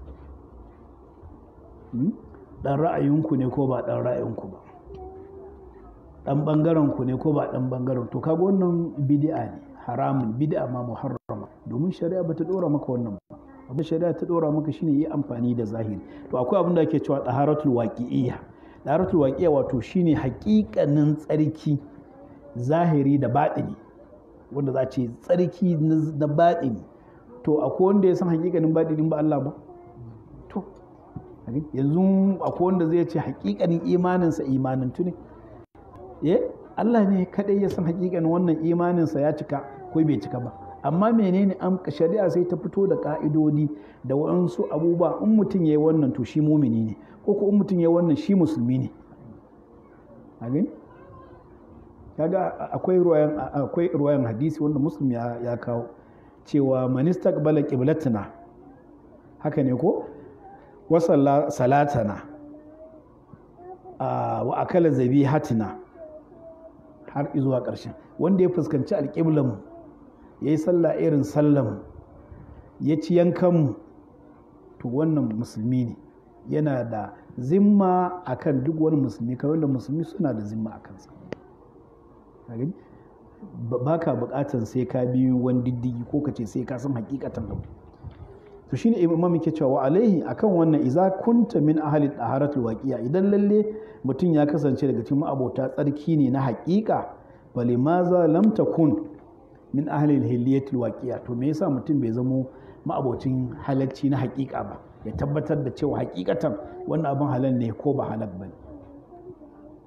ɗan hmm? ra'ayinku ne ko ba ɗan ra'ayinku ba ɗan ɓangarenku ne ko ba ɗan ɓangaren to kaga wannan bidi'a ne haramun bidi'a ma muharrama domin shari'a ba ta ɗora maka wannan ba abin shari'a ta ɗora maka shine yi amfani da zahiri to akwai abin da ake cewa ɗaharatul waƙi'iyya ɗaharatul waƙi'iyya wato shine haƙiƙanin tsarki zahiri da baɗini wanda za a ce tsarki na baɗini to akwai wanda ya san haƙiƙanin baɗinin ba Allah ba yanzu akwai wanda zai ce hakikanin imaninsa imanin tuni eh Allah ne kadai ya san hakikanin wannan imaninsa ya cika ko bai cika ba amma menene an shari'a sai ta fito da ka'idodi da waɗansu abubuwa in mutum ya yi wannan to shi mumini ne ko ko in mutum ya yi wannan shi musulmi ne amin kaga akwai ruwayan akwai ruwayan hadisi wanda muslim ya, kawo cewa manista bala qiblatina haka ne ko salatana wa akala zabi hatina har zuwa ƙarshen wanda ya fuskanci alƙiblan ya yi sallah irin sallam ya ci yankan to wannan musulmi ne yana da zimma akan duk wani musulmi kamar da musulmi suna da zimma a kansa ba ka bukatan sai ka biyu wani diddigi ko ka ce sai ka san hakikatan abu to shine imam yake cewa wa alaihi akan wannan iza kunta min ahli taharatul waqiya idan lalle mutum ya kasance daga cikin abota tsarki ne na haƙiƙa bale maza lam takun min ahli hilliyatul waqiya to me yasa mutum bai zamo ma'abocin halacci na haƙiƙa ba ya tabbatar da cewa haƙiƙatan wannan abin halal ne ko ba halal ba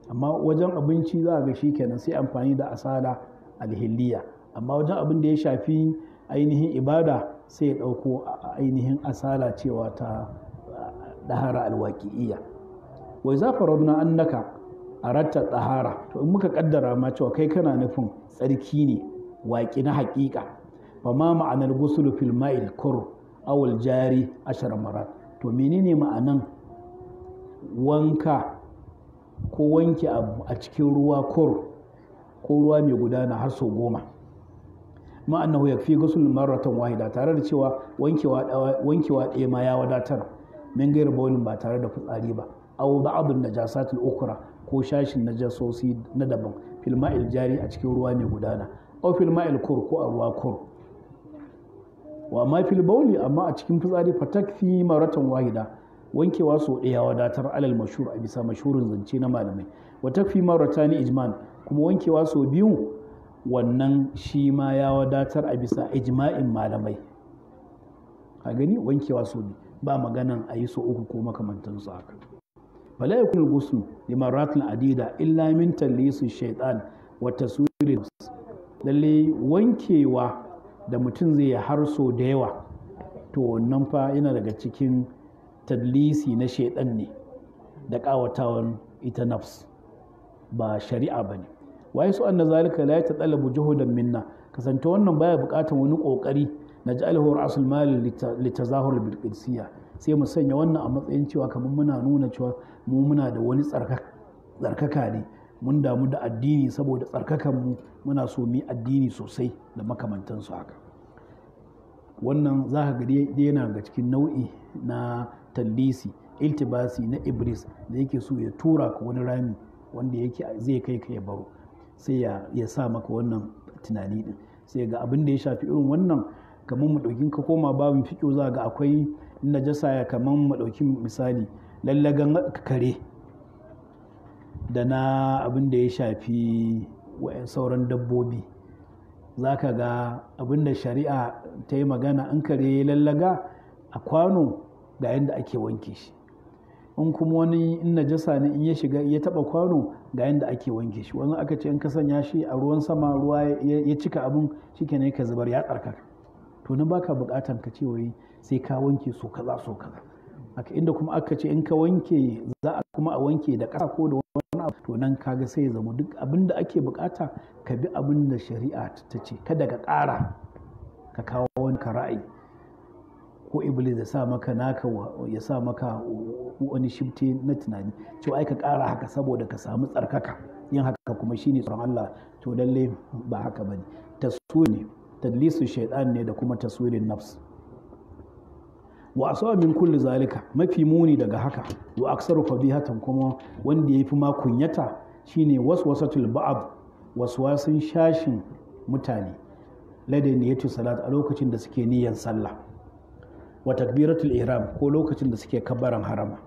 amma wajen abinci za a ga shi kenan sai amfani da asala alhilliya amma wajen abin da ya shafi ainihin ibada sai ya ɗauko ainihin asala cewa ta ɗahara alwaƙi'iyya wai za ka rabna annaka a ratta ɗahara to in muka ƙaddara ma cewa kai kana nufin tsarki ne waƙi na haƙiƙa ba ma ma'anar gusulu fil ma'il kur awul jari ashar marat to menene ma'anan wanka ko wanke a cikin ruwa kur ko ruwa mai gudana har sau goma ma annahu yakfi ghusl maratan wahida tare da cewa wankewa wankewa ɗaya ma ya wadatar min gairu bawlin ba tare da fitsari ba aw ba'd najasat al-ukra ko shashin najasosi na daban fil ma'il jari a cikin ruwa mai gudana aw fil ma'il kur ko a ruwa kur wa ma fil bawli amma a cikin fitsari fatakfi maratan wahida wankewa so ɗaya wadatar alal mashhur a bisa mashurin zance na malamai wa takfi maratani ijman kuma wankewa so biyu wannan shi ma ya wadatar a bisa ijma'in malamai a gani wankewa so ne, ba maganan a yi so uku ko su haka bala ya kuna gusnu limaratin adida illa min tallisu shaitan wa taswirin lalle wankewa da mutum zai yi har so da yawa to wannan fa yana daga cikin tallisi na shaitan ne da ƙawatawan ita nafs ba shari'a ba ne wai su anna zalika la yatalabu juhudan minna kasance wannan baya bukatan wani kokari na ji rasul mal litazahur bil qudsiya sai mu sanya wannan a matsayin cewa kamar muna nuna cewa mu muna da wani tsarkaka ne mun damu da addini saboda tsarkakan mu muna so mu addini sosai da su haka wannan za ka gari yana ga cikin nau'i na tallisi iltibasi na ibris da yake so ya tura ka wani rami wanda yake zai kai ka ya baro sai ya sa maka wannan tunani din sai ga abin da ya shafi irin wannan kamar mu ɗauki ka koma babin fiƙo za ga akwai najasa ya kamar mu ɗauki misali lallagan kare da na abin da ya shafi sauran dabbobi za ka ga abin da shari'a ta yi magana an kare lallaga a kwano ga yadda ake wanke shi in kuma wani in najasa ne in ya shiga ya taba kwano ga yadda ake wanke shi wani aka ce in ka sanya shi a ruwan sama ruwa ya cika abin shikenan ka zubar ya tsarkaka to nan baka bukatan ka ce wai sai ka wanke so kaza so kaza haka inda kuma aka ce in ka wanke za a kuma a wanke da ƙasa ko da wani abu to nan kaga sai ya zama duk abin da ake bukata ka bi abin da shari'a ta ce kada ka ƙara ka kawo wani ka ra'ayi ko iblis ya sa maka naka ya sa maka wani shifte na tunani cewa ai ka ƙara haka saboda ka samu tsarkaka yin haka kuma shine tsoron Allah to lalle ba haka bane taswir ne tadlisu shaytan ne da kuma taswirin nafs wa asawa min kulli zalika mafi muni daga haka wa aksaru fadihatan kuma wanda yafi ma kunyata shine waswasatul ba'd waswasin shashin mutane ne niyatu salat a lokacin da suke niyyar sallah wa takbiratul ihram ko lokacin da suke kabbaran harama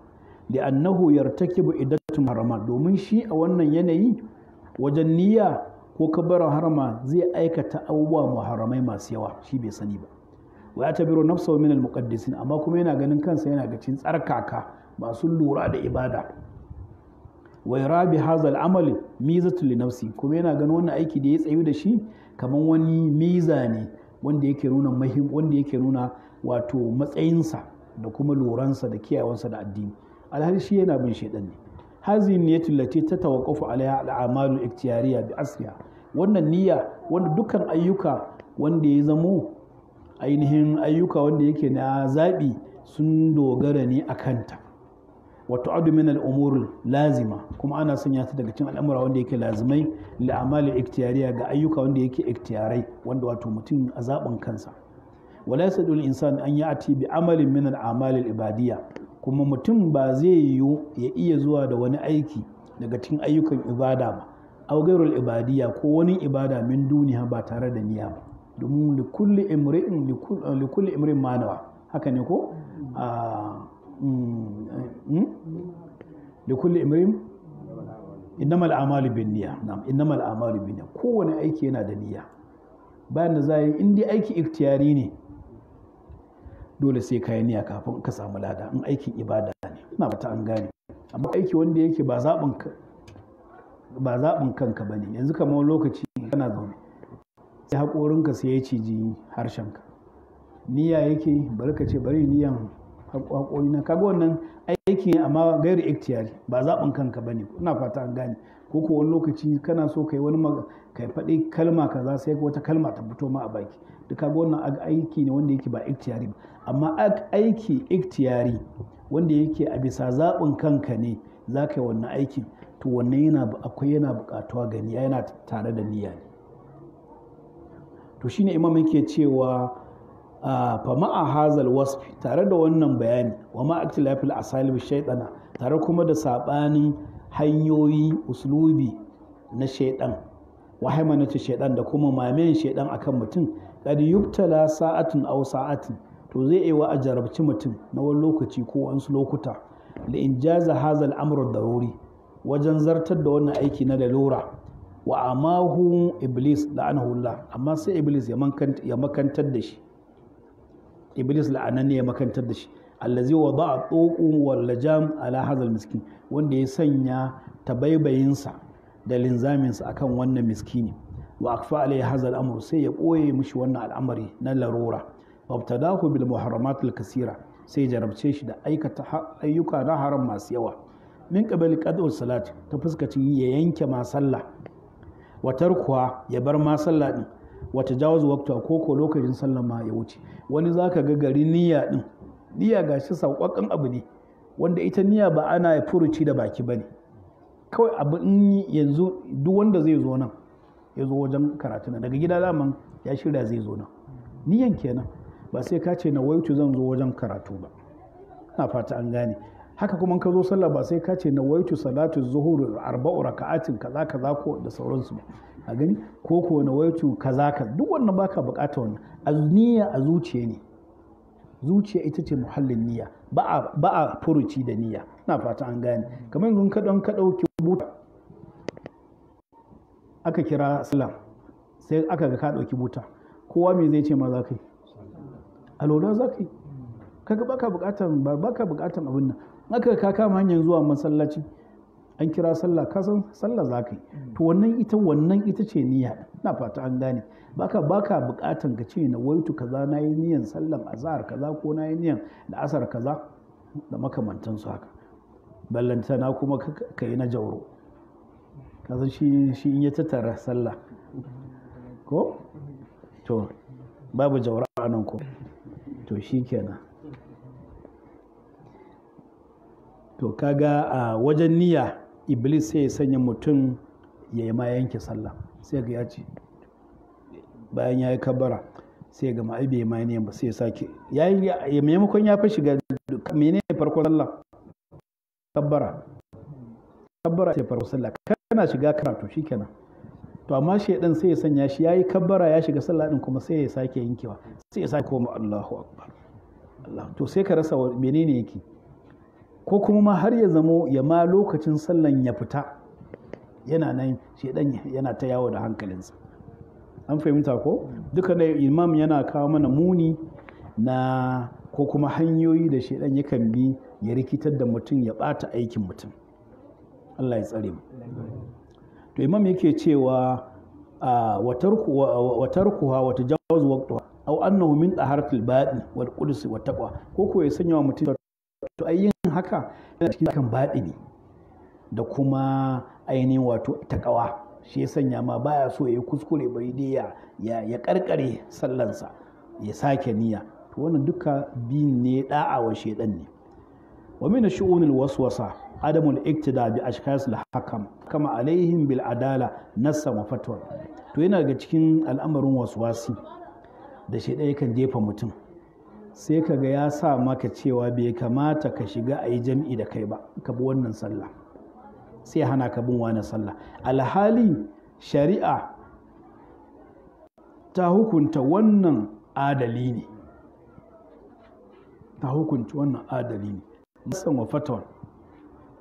li'annahu yartakibu iddatul harama domin shi a wannan yanayi wajen niyya ko kabbaran harama zai aikata abubuwa muharramai masu yawa shi bai sani ba wa ya tabiru nafsahu min al-muqaddisin amma kuma yana ganin kansa yana ga cin tsarkaka masu lura da ibada wa rabi hadha al-amal mizatu li nafsi kuma yana ganin wannan aiki da ya tsayu da shi kamar wani miza ne wanda yake nuna wanda yake nuna wato matsayinsa da kuma loransa da kiyawansa da addini alhari shi yana bin shaidan ne hazi niyyatu lati tatawaqqafu alaiha al'amalu iktiyariya bi asriha wannan niyya wanda dukkan ayyuka wanda ya zamo ainihin ayyuka wanda yake na zaɓi sun dogara ne a kanta wato adu min al'umur lazima kuma ana sanya ta daga cikin al'amura wanda yake lazimai la'amali iktiyariya ga ayyuka wanda yake iktiyarai wanda wato mutum a zaben kansa wala yasadul insan an ya'ti bi amalin min al-amal al-ibadiyya kuma mutum ba zai yiwu ya iya zuwa da wani aiki daga cikin ayyukan ibada ba aw ghairul ibadiyya ko wani ibada min duniya ba tare da niyya ba domin li kulli imri'in li kulli imri'in ma nawa haka ne ko ah, mm, mm, li kulli imri'in innamal a'malu bin niyya na'am innamal a'malu bin niyya kowane aiki yana da niyya bayan da za yi in dai aiki iktiyari ne dole sai ka yi niyya kafin ka samu lada in aikin ibada ne ina ba an gane amma aiki wanda yake ba zaɓin ba zaɓin kanka ba ne yanzu kamar wani lokaci kana zaune sai haƙorin ka sai ya ciji ka niyya yake bari ka ce bari niyyan haƙoƙoyi na kaga wannan aiki amma gairi ikhtiyari ba zaɓin kanka ba ne ina fata an gane ko ko wani lokaci kana so kai wani kai faɗi kalma kaza sai wata kalma ta fito ma a baki duk kaga wannan aiki ne wanda yake ba ikhtiyari ba amma aiki iktiyari wanda yake a bisa zaɓin kanka ne za ka yi wannan aikin to wannan yana akwai yana buƙatuwa ga niyya yana tare da niyya ne to shine imam yake cewa fama a hazal wasfi tare da wannan bayani wa ma aktilafil asalib shaytana tare kuma da saɓanin hanyoyi uslubi na shaydan wa haimanatu da kuma mamayen a akan mutum kad yubtala sa'atin aw sa'atin to zai iya a jarabci mutum na wani lokaci ko wasu lokuta da in jaza hazal da rori wajen zartar da wannan aiki na lalura wa amahu iblis la'anahullah amma sai iblis ya makantar da shi iblis la'ananne ya makantar da shi allazi wa ba'a tsoƙo wallajam ala hazal miskin wanda ya sanya tabaibayinsa da linzaminsa akan wannan miskini wa akfa alai hazal amur, sai ya ɓoye mishi wannan al'amari na larura wabtadahu bil muharramatil kasira sai jarabce shi da aikata ayyuka na haram masu yawa min qabali qada salat ta fuskacin ya yanke ma sallah wa tarkuwa ya bar ma sallah din Wata tajawuz waqtu ko ko lokacin sallah ma ya wuce wani zaka ga gari niyya din niyya gashi sauƙaƙan abu ne wanda ita niyya ba ana furuci da baki bane kawai abu in yanzu duk wanda zai zo nan ya zo wajen karatu daga gida daman ya shirya zai zo nan niyan kenan ba sai ka ce na waitu zan zo wajen karatu ba na fata an gane haka kuma ka zo sallah ba sai ka ce na waitu salatu zuhur arba'u raka'atin kaza kaza ko da sauransu ba a gani ko ko na waitu kaza ka duk wannan baka bukata wannan azniya a zuciya ne zuciya ita ce muhallin niyya ba a ba a furuci da niyya na fata an gane kamar yanzu ka don ka dauki buta aka kira sallah sai aka ga ka dauki buta kowa me zai ce ma za ka A lura za ka yi kaga baka bukatan baka bukatan abin nan aka ka kama hanyar zuwa masallaci an kira sallah ka san sallah za ka yi to wannan ita wannan ita ce niyya na fata an gane baka baka bukatan ka ce na waitu kaza na yi niyan sallan azhar kaza ko na yi niyan da asar kaza da makamantansu haka na kuma ka yi na jauro kaza shi shi in ya tattara sallah ko to babu Jauro a nan ko to shi kenan to kaga a wajen niyya iblis sai ya sanya mutum ya yi ma yanke sallah sai ga ya ci bayan ya yi kabara sai ga bai ya mai ba sai ya sake ya yi maimakon ya fi shiga mene ne farko sallah kabara kabara sai farko sallah kana shiga karatu kenan. to amma shaidan sai ya sanya shi yayi kabbara ya shiga sallah din kuma sai ya sake yankewa sai ya sake koma Allahu akbar Allah to sai ka rasa menene yake ko kuma ma har ya zamo ya ma lokacin sallan ya fita yana nan shaidan yana ta yawo da hankalinsa an fahimta ko duka da imam yana kawo mana muni na ko kuma hanyoyi da shaidan yakan bi ya rikitar da mutum ya bata aikin mutum Allah ya tsare mu to imam yake cewa wa tarkuha wa tajawuz waqtuha aw annahu min taharatil baɗi wal qudus wa taqwa ko ko ya sanya wa mutum to ai haka yana cikin kan ne da kuma ainihin wato ƙawa shi ya sanya ma baya so ya yi kuskure bai dai ya ya karkare sallansa ya sake niyya to wannan duka bin ne da'a wa shedan ne wa min shu'un alwaswasa adam al bi ashkhas al-hakam kama alaihim bil adala nassa wa fatwa to yana daga cikin al'amarin waswasi da shi ɗaya kan jefa mutum sai kaga ya sa maka cewa bai kamata ka shiga ayi jam'i da kai ba ka bi wannan sallah sai hana ka bin wani sallah alhali shari'a ta hukunta wannan adali ne ta hukunta wannan adali ne nasan wa fatawan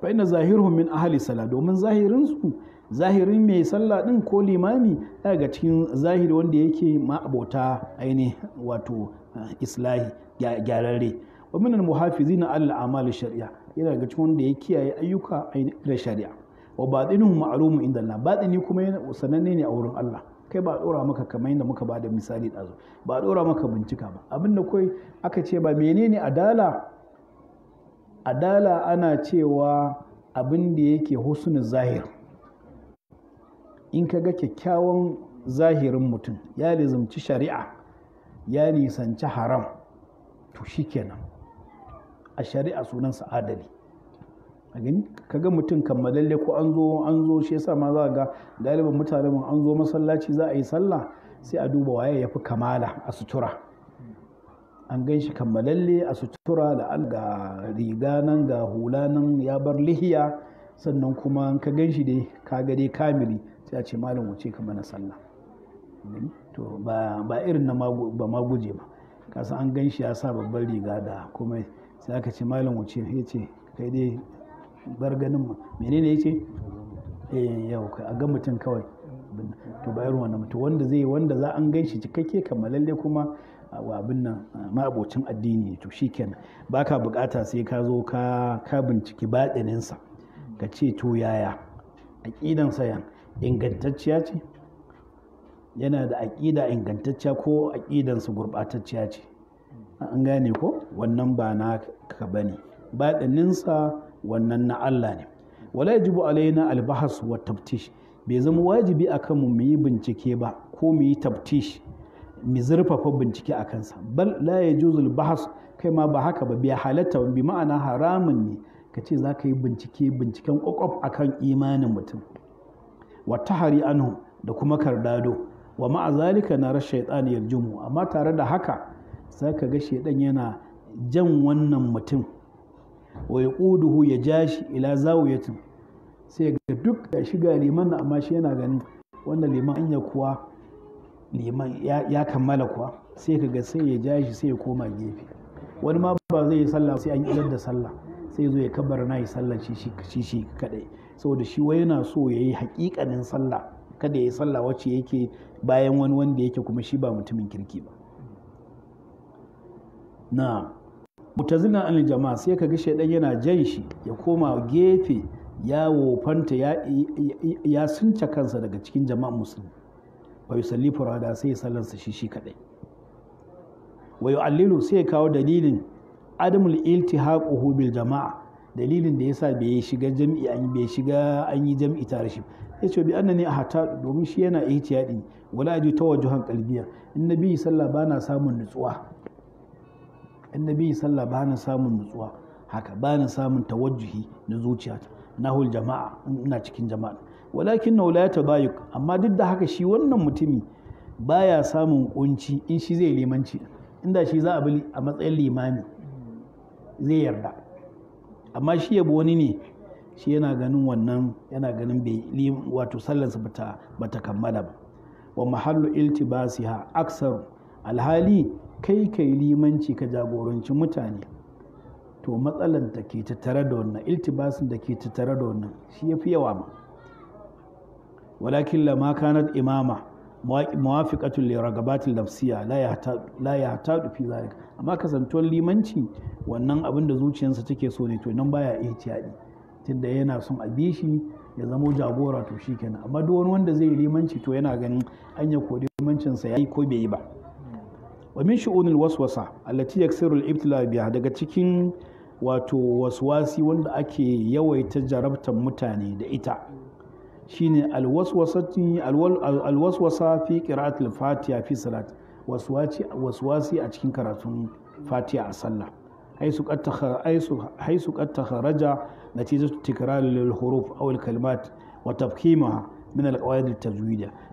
fa ina zahirhum min ahli sala domin zahirin su zahirin mai sallah ɗin ko limami daga cikin zahiri wanda yake ma'abota aini wato eh, islahi gyararre wa min al muhafizina al a'mal shari'a yana daga cikin wanda ya kiyaye ayyuka da shari'a wa batinuhu ma'lumu inda Allah batini kuma sananne ne a wurin Allah kai ba dora maka kamar yadda muka da misali dazu ba dora maka bincika ba Abin da kai aka ce ba menene adala adala ana cewa abin da yake husnul zahir in ka ga kyakkyawan zahirin mutum ya nizamci shari'a ya nisanci haram to shikenan a shari'a sunansa adali ka ga mutum kammalalle ko an zo an zo shi yasa ma za ga galibin mutanen an zo masallaci za a yi sallah sai a duba waye ya fi kamala a sutura an gan shi kammalalle a sutura da ga riga nan ga hula nan ya bar lihiya sannan kuma ka gan shi dai ka ga dai kamili sai a ce malam wuce ka mana sallah to ba irin na ba ma guje ba kasan an gan shi ya sa babban riga da kuma sai aka ce malam wuce ya ce kai dai bar ganin mu menene ya ce eh yau a ga mutum kawai to ba irin wannan mutum wanda zai wanda za an gan shi cikakke kammalalle kuma wa abin nan ah, ma'abocin addini to ba baka bukata sai ka zo ka ka binciki baɗininsa ka ce to yaya aƙidan sayan ingantacciya ce yana da aƙida ingantacciya ko aƙidansa gurɓatacciya ce an gane ko wannan ba na ka bane baɗininsa wannan na Allah ne wala yajibu alaina albahas wa taftish bai zama wajibi akan mu mu yi bincike ba ko mu yi taftish mi zurfafa bincike a kansa bal la ya juzul bahas kai ma ba haka ba biya halatta bi ma'ana haramun ne ka ce za ka yi bincike binciken kwakwaf kan imanin mutum wa tahari anhu da kuma kardado wa ma'a zalika na rashin shaitan yarjumu amma tare da haka za ka ga shaitan yana jan wannan mutum wa ƙuduhu ya shi ila zawiyatin sai ga duk da shiga liman amma shi yana ganin wannan liman anya kuwa liman ya kammala kuwa sai ka ga sai ya ja shi sai ya koma gefe wani ma ba zai yi sallah sai an idar da sallah sai zo ya kabbara na yi sallah shi shi kadai saboda shi wai yana so ya yi hakikanin sallah kada ya yi sallah wacce yake bayan wani wanda yake kuma shi ba mutumin kirki ba na mutazina an jama'a sai ka ga shaidan yana jan shi ya koma gefe ya wofanta ya sunce kansa daga cikin jama'a musulmi wa yusalli furada sai sa shi shi kadai wa yu'allilu sai ya kawo dalilin adamul iltihaquhu bil jama'a dalilin da yasa bai shiga jami'i an bai shiga an yi jami'i tare shi ce bi annani hata domin shi yana ihtiyadi wala aji tawajjuhan qalbiya annabi sallah bana samun nutsuwa annabi sallah bana samun nutsuwa haka bana samun tawajjuhi na zuciya zuciyata hul jama'a ina cikin jama'a walakin na wula ta bayuk amma duk da haka shi wannan mutumi baya samun kunci in shi zai limanci inda shi za a bi a matsayin limami zai yarda amma shi yabo wani ne shi yana ganin wannan yana ganin bai wato sallarsa bata bata kammala ba wa mahallu iltibasiha aksar alhali kai kai limanci ka jagoranci mutane to matsalan da ke tattare da wannan iltibasin da ke tattare da wannan shi ya fi yawa ba. walakin lama kanat imama muwafiqatul li ragabatil nafsiya la yahtadu fi zalika amma kasantuwar limanci wannan abin da zuciyarsa take so ne to nan baya ihtiyadi tunda yana son a bi shi ya zamo jagora to shikenan amma duk wanda zai yi limanci to yana ganin an ya kori limancin sa yayi ko bai yi ba wa min shu'unil waswasa allati yaksiru al-ibtila biha daga cikin wato waswasi wanda ake yawaita jarabtar mutane da ita shine ne alwaswasa fi qira'atil fatiha fi salat waswasi a cikin karatun fatiha a sallah haisu su haisu haisu na takharaja natijatu tikrar lil huruf aw al kalimat wa tafkimaha min al qawaid al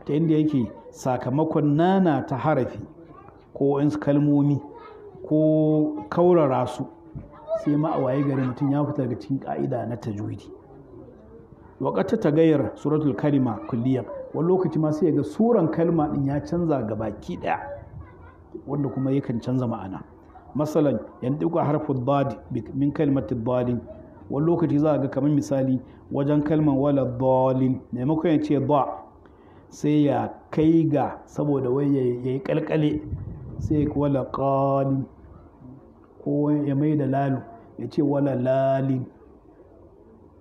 ta inda yake sakamakon nana ta harafi ko in kalmomi ko kaurara su sai ma a waye gari mutum ya fita daga cikin ka'ida na tajwidi waƙata ta gayar suratul kalima kulliyar wani lokaci ma sai ga suran kalma din ya canza ga baki ɗaya wanda kuma yakan canza ma'ana masalan yandiku harfu dad min ta dalin wani lokaci za a ga kamar misali wajen kalmar wala dalin maimakon ya ce ba sai ya kai ga saboda wai ya yi kalkale sai ya wala kalin ko ya mai da lalu ya ce wala lalin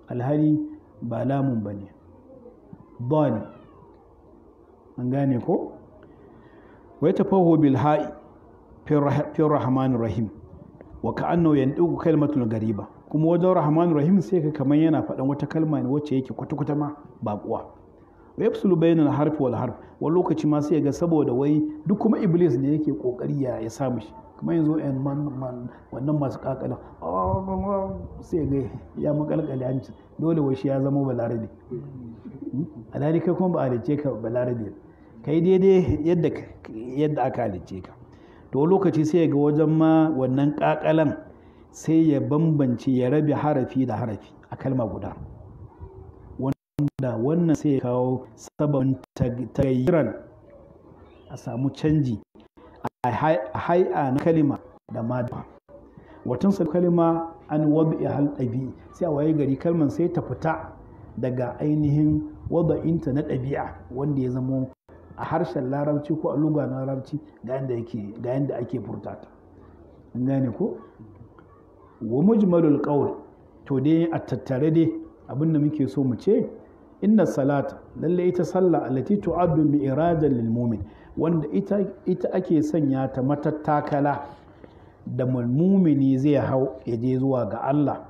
alhari ba lamun ba ne ba ne an gane ko wai tafahu bil ha'i fi rahman rahim wa ka annahu yandiku kalmatul gariba kuma wajen rahman rahim sai ka kamar yana faɗan wata kalma ne wacce yake kwata-kwata ma baƙuwa wa yafsulu bainal harfi wal harf wani lokaci ma sai ya ga saboda wai duk kuma iblis ne yake kokari ya samu shi kuma yanzu yan wannan masu kakalan ah, sai ga ya makalkale ci dole wa shi ya zama balarabe alhali kai kuma ba halice ka balarabe kai daidai yadda yadda aka halice ka to lokaci sai ga wajen ma wannan kakalan sai ya bambance ya rabe harafi da harafi a kalma guda wanda wannan sai ya kawo sabon tagayyaran a samu canji a hai'a na kalima da madafa watan sa kalima an wada'i hal sai a waye gari kalman sai ta fita daga ainihin wada'inta na ɗabi'a wanda ya zama a harshen larabci ko a luga larabci ga yadda ake furta ta an gane ko wa mujmalul qawl to dai a tattare dai abin da muke so mu ce inna salata lalle ita sallah allati tu'addu bi iradan lil mu'min wanda ita, ake sanya ta matattakala da mumini zai hau ya je zuwa ga Allah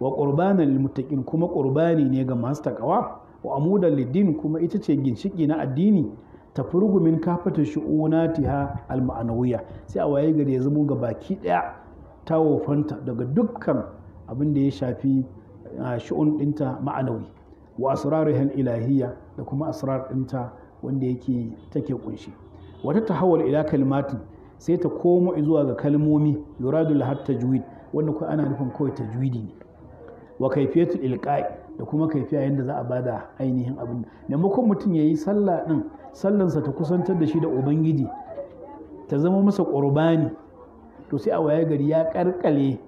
wa ƙurbanin lil kuma ƙurbani ne ga masu takawa wa amudan lidin kuma ita ce ginshiki na addini ta furgumin kafata shu'unatiha al-ma'anawiyya sai a waye gari ya zamo ga baki ɗaya ta wofanta daga dukkan abin da ya shafi ah, shi'un ɗinta ma'anawi wa asrarihin ilahiyya da kuma asrar ɗinta wanda yake take kunshi wata tahawul ila kalimatin sai ta komo zuwa ga kalmomi yuradu lahar juwid wanda kuma ana nufin kawai tajwidi ne wa kaifiyatul ilqa'i da kuma kaifiya yadda za a bada ainihin abin maimakon mutum yayi sallah din sallansa ta kusantar da shi da ubangiji ta zama masa qurbani to sai a waya gari ya karkale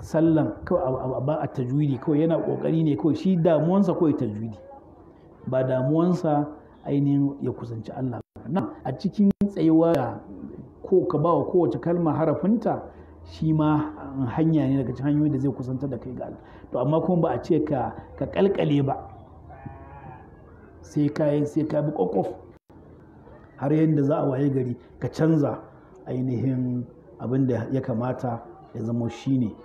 sallan kawai a tajwidi kawai yana kokari ne kawai shi damuwansa kawai tajwidi ba damuwansa ainihin ya kusanci Allah na a cikin tsayuwa da ko ka ba wa kowace kalma harafinta shi ma um, hanya ne daga cikin hanyoyi da zai kusanta da kai ga Allah to amma kuma ba a ce ka ka kalkale ba sai ka sai ka bi kokof har yadda za a waye gari ka canza ainihin abin da ya kamata ya zama shi ne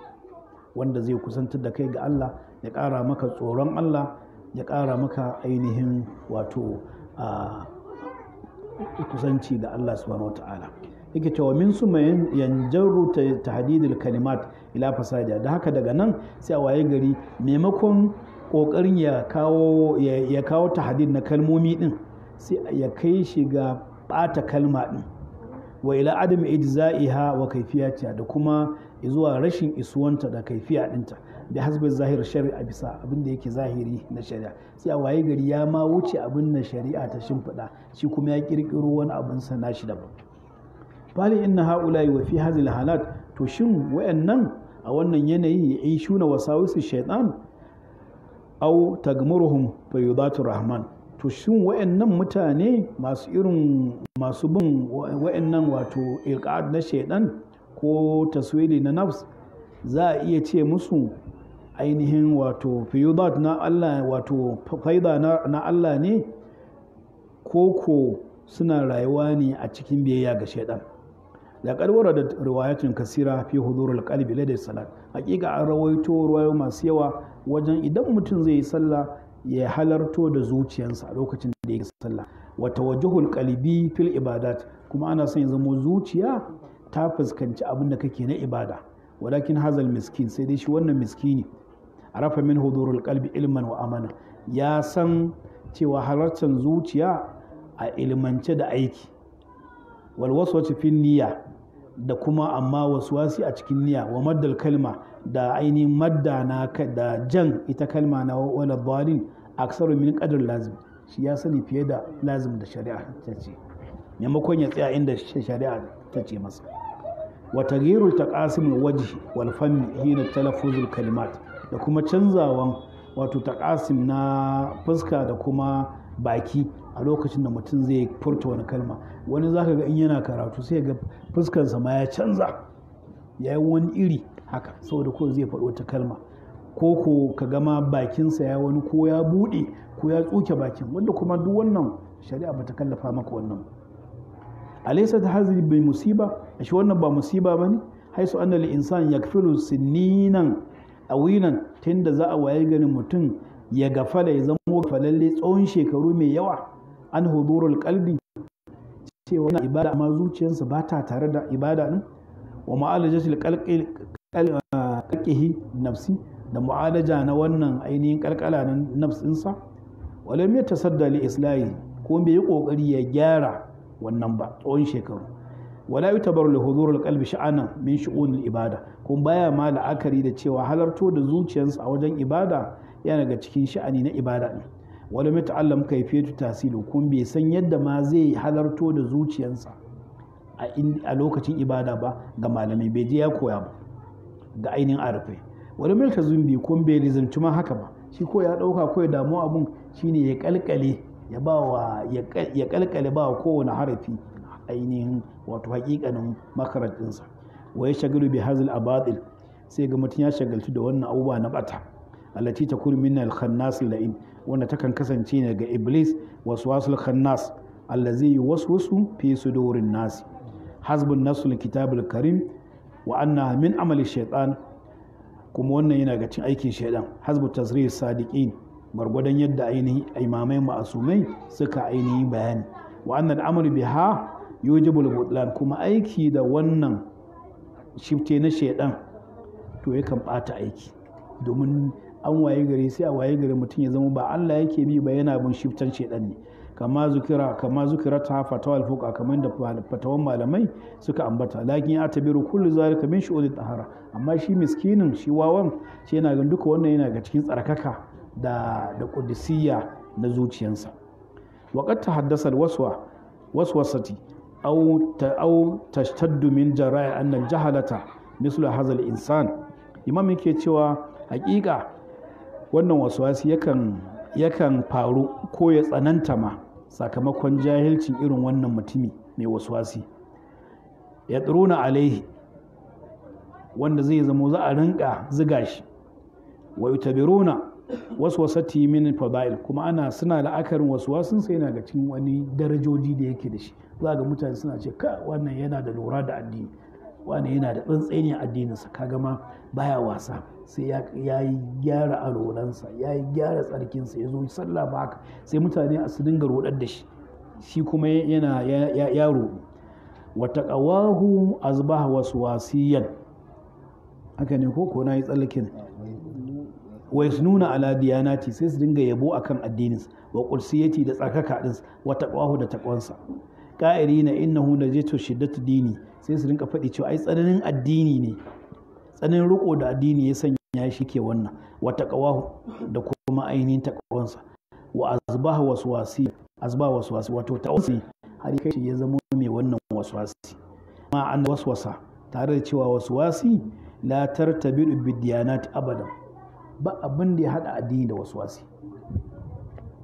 wanda zai kusantar da kai ga Allah ya ƙara maka tsoron Allah ya ƙara maka ainihin wato a kusanci da Allah subhanahu wataala yake cewa min su mai yanjaru tahdidul kalimat ila fasadiya da haka daga nan sai a waye gari maimakon kokarin ya kawo ya kawo tahdid na kalmomi din sai ya kai shi ga bata kalma din wa ila adam ijza'iha wa kaifiyatiha da kuma zuwa rashin isuwanta da kaifiya dinta da hasbin zahir shari'a bisa abin da yake zahiri na shari'a sai a waye gari ya ma wuce abin na shari'a ta shimfiɗa shi kuma ya kirkiro wani abin sa nashi daban fali inna haula wa fi hadhihi halat to shin wayannan a wannan yanayi ya yi shuna wasawisu shaitan au tagmuruhum fa yudatu rahman to shin wayannan mutane masu irin masu bin wayannan wato ilqad na shaitan ko taswili na nafs za a iya ce musu ainihin wato fiyudat na Allah wato faida na Allah ne koko suna rayuwa ne a cikin biyayya ga shaidan laqad da riwayatun kasira fi hudurul qalbi ladai salat hakika an rawaito ruwayo masu yawa wajen idan mutum zai yi sallah ya halarto da zuciyarsa a lokacin da yake sallah wa tawajjuhul qalbi fil ibadat kuma ana son ya zama zuciya ta fuskanci abin da kake na ibada walakin hazal miskin sai dai shi wannan miskini arafa min hudurul kalbi ilman wa amana ya san cewa halartar zuciya a ilmance da aiki wal waswasu fin niyya da kuma amma waswasi a cikin niyya wa maddal kalma da ainihin madda na da jan ita kalma na wala aksar aksaru min qadr lazim shi ya sani fiye da lazim da shari'a ta ce maimakon ya tsaya inda shari'a ta ce masa wa taghirul taqasim wajhi wal fanni hina talaffuzul kalimat da kuma canzawan wato takasim na fuska da kuma baki a lokacin da mutum zai furta wani kalma wani zaka ga in yana karatu sai ga fuskansa ma ya canza ya yi wani iri haka saboda ko zai faɗo wata kalma ko ko ka gama bakinsa ya wani ko ya buɗe ko ya tsuke bakin wanda kuma duk wannan shari'a bata kallafa maka wannan alaysa ta hazri bai musiba shi wannan ba musiba bane haisu annal insan yakfilu sinninan a tun da za a wayar ganin mutum ya gafala ya zama gafalalle tsawon shekaru mai yawa an hudurul kalbi cewa yana ibada amma zuciyarsa ba ta tare da ibada din wa ma'alajatul kalkihi ah, nafsi da mu'alaja na wannan ainihin kalkala na nafsinsa walam ya tasadda li islahi ko bai yi kokari ya gyara wannan ba tsawon shekaru wala yutabaru da hudurul qalbi sha'anan min shu'unil ibada kun baya ma la'akari da cewa halarto da zuciyarsa a wajen ibada yana daga cikin sha'ani na ibada ne ka muta'allam fetu tasiri kun bai san yadda ma zai halarto da zuciyarsa a lokacin ibada ba ga malamai bai je ya koya ba ga ainihin arfe wani milka zumbi kun bai lizanci ma haka ba shi ko ya dauka ko ya damu abun shine ya kalkale ya ba wa kowane harafi ainihin wato hakikanin makarajinsa wa ya shagalu bi hazil abadil sai ga mutum ya shagaltu da wannan abubuwa na bata allati takunu min al-khannas la'in wanda takan kasance ne ga iblis waswasul khannas allazi yuwaswisu fi sudurin nas hasbun nasul kitabul karim wa anna min amali shaytan kuma wannan yana ga cin aikin shaidan hasbu tasrih sadiqin gwargwadon yadda ainihin imamai ma'asumai suka ainihin bayani wa annal amru biha yujibul budlan kuma aiki da wannan shifte na shaidan to yakan bata aiki domin an waye gari sai a waye gari mutum ya zama ba Allah yake bi ba yana bin shiftan shaidan ne kama zukira kama zukira ta fatawal fuqa kamar da fatawan malamai suka ambata lakin ya tabiru kullu zalika min shu'udi tahara amma shi miskinin shi wawan shi yana gan duka wannan yana ga cikin tsarkaka da da na zuciyarsa waqad tahaddasa alwaswa waswasati au tashtaddu min jara'i annal jahalata mislu hazal insan imam yake cewa haƙiƙa wannan waswasi yakan yakan faru ko ya tsananta ma sakamakon jahilcin irin wannan mutumi mai waswasi ya tsiruna alaihi wanda zai zamo za'a a ziga shi wa yutabiruna waswasati min fada'il kuma ana suna la'akarin waswasin sai yana ga cikin wani darajoji da yake da shi za ga mutane suna ce ka wannan yana da lura da addini wannan yana da tsantseni addininsa kaga ma baya wasa sai ya yi gyara alolansa ya yi gyara tsarkinsa ya zo sallah ba haka sai mutane a su dinga rodar da shi shi kuma yana ya roɗu wata ƙawahu azbah waswasiyan haka ne ko ko na yi tsallakin wa nuna ala diyanati sai su dinga yabo akan addininsa wa qursiyati da tsakaka din wa taqwahu da taqwansa qa'irina innahu shidda shiddatu dini sai su dinga faɗi cewa ai tsananin addini ne tsananin riko da addini ya sanya shi ke wannan wa taqwahu da kuma ainihin taqwansa wa azbaha waswasi wasu waswasi wato tawasi har kai ya zama mai wannan waswasi ma an waswasa tare da cewa waswasi la tartabi bidiyanat abadan ba abin da ya hada addini da waswasi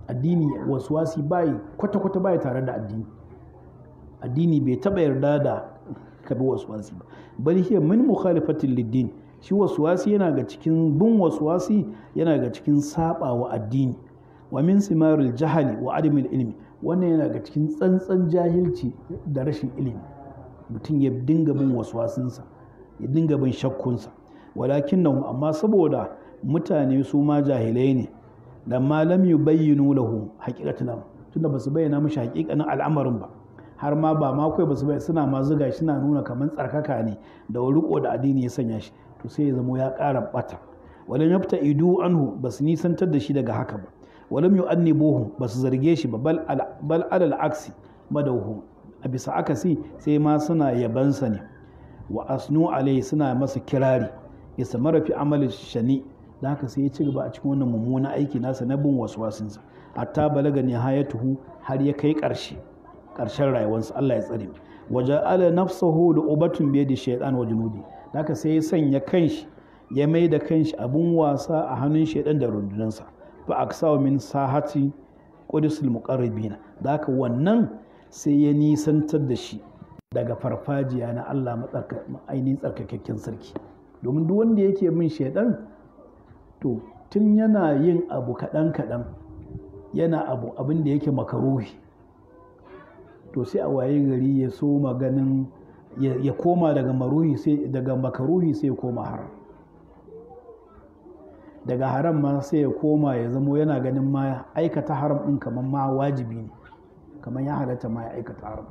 addini waswasi bai kwata-kwata bai tare da addini addini bai taba yarda da kabi waswasi ba bal shi min mukhalifatin liddin shi waswasi yana ga cikin bin waswasi yana ga cikin saba wa addini wa min simaril jahali wa adamil ilimi. wannan yana ga cikin tsantsan jahilci da rashin ilimi mutum ya dinga bin waswasinsa ya dinga bin shakkunsa walakin nan amma saboda mutane su ma jahilai ne da ma lam yubayyinu lahu haqiqatan tunda ba su bayyana mishi haqiqanin al'amarin ba har ma ba ma kai ba su bayyana suna ma zuga shi na nuna kamar tsarkaka ne da riko da addini ya sanya shi to sai ya zamo ya ƙara bata walam fita idu anhu ba su nisantar da shi daga haka ba walam yu'annibuhu ba su zarge shi ba bal bal alal aksi madahu a bisa akasi sai ma suna yabansa ne wa asnu alai suna masa kirari ya samara fi amali shani da haka sai ya ci gaba a cikin wannan mummunan aiki nasa na bin waswasinsa hatta balaga ne haya tuhu har ya kai karshe karshen rayuwarsa Allah ya tsare waje ala nafsahu da ubatun biye da shaidan wa junudi haka sai ya sanya kanshi ya mai da kanshi abun wasa a hannun shaidan da rundunansa fa aksawa min sahati qudusul muqarribina da haka wannan sai ya nisantar da shi daga farfajiya na Allah ainihin tsarkakakken sarki domin duk wanda yake min shaidan to tun yana yin abu kaɗan kaɗan yana abu abin da yake makaruhi to sai a waye gari ya so maganin ya koma daga maruhi sai daga makaruhi sai ya koma haram daga haram ma sai ya koma ya zamo yana ganin ma aikata haram ɗin kamar ma wajibi ne kamar ya halatta ma ya aikata haram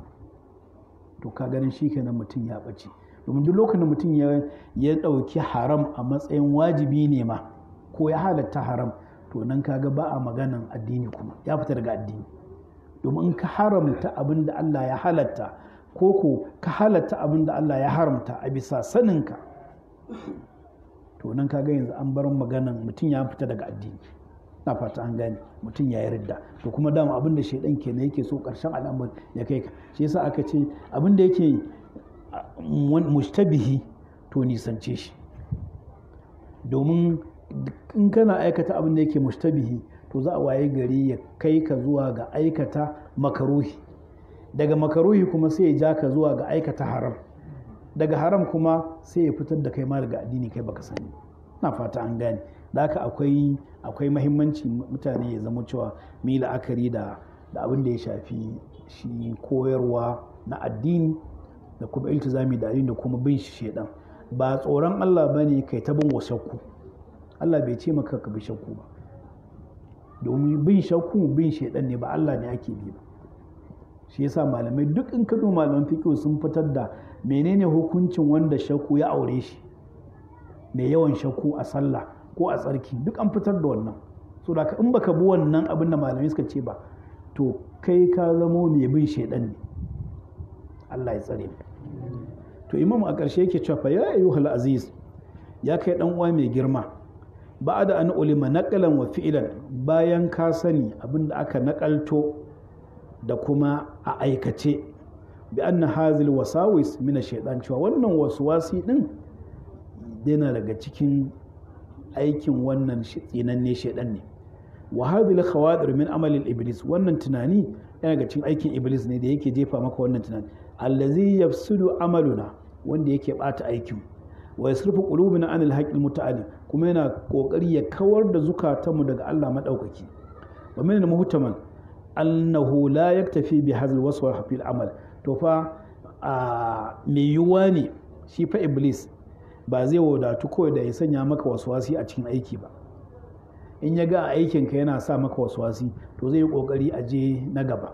to ka ganin shi kenan mutum ya ɓace domin duk lokacin mutum ya ɗauki haram a matsayin wajibi ne ma ko ya halatta haram to nan kaga ba a maganan addini kuma ya fita daga addini domin ka haramta abin da Allah ya halatta ko ko ka halatta abin da Allah ya haramta a bisa saninka to nan kaga yanzu an bar maganan mutum ya fita daga addini na fata an gane mutum ya yi to kuma dama abin da shaidan kenan yake so karshen al'amari ya kai ka shi yasa aka ce abin da yake mushtabihi to nisance shi domin in kana aikata abin da yake mustabihi to za a waye gari ya kai ka zuwa ga aikata makaruhi daga makaruhi kuma sai ya ja ka zuwa ga aikata haram daga haram kuma sai ya fitar da kai ma daga addini kai baka sani na fata an gane da haka akwai akwai mahimmanci mutane ya zama cewa mai la'akari da da abin da ya shafi shi koyarwa na addini da kuma iltizami da addini da kuma bin shi shedan ba tsoron Allah bane kai ta bin wasakku Allah bai ce maka ka bi shakku ba domin bin shakku bin shaidan ne ba Allah ne ake bi ba shi yasa malamai duk in kado malaman fiqh sun fitar da menene hukuncin wanda shakku ya aure shi mai yawan shakku a sallah ko a tsarki duk an fitar da wannan so da in baka bi wannan abin da malamai suka ce ba to kai ka zamo mai bin shaidan ne Allah ya tsare to imam a ƙarshe yake cewa ya ayyuhal aziz ya kai dan uwa mai girma Ba da an ulima nakalan wa fi'lan bayan ka sani abin da aka nakalto da kuma a aikace bi anna hazil wasawis min shaidan cewa wannan wasu-wasi din yana daga cikin aikin wannan tsinanne shaidan ne wa hadhihi khawadir min amali iblis wannan tunani yana daga cikin aikin iblis ne da yake jefa maka wannan tunani allazi yafsudu amaluna wanda yake bata aikin wa yasrifu qulubana anil haqqil muta'ali kuma yana kokari ya kawar da zukatanmu daga Allah maɗaukaki. wa min muhtamal annahu la yaktafi bi hadhal waswa fil amal to fa mai yiwuwa ne shi fa iblis ba zai wadatu kawai da ya sanya maka waswasi a cikin aiki ba in ya ga aikinka yana sa maka waswasi to zai yi ƙoƙari a je na gaba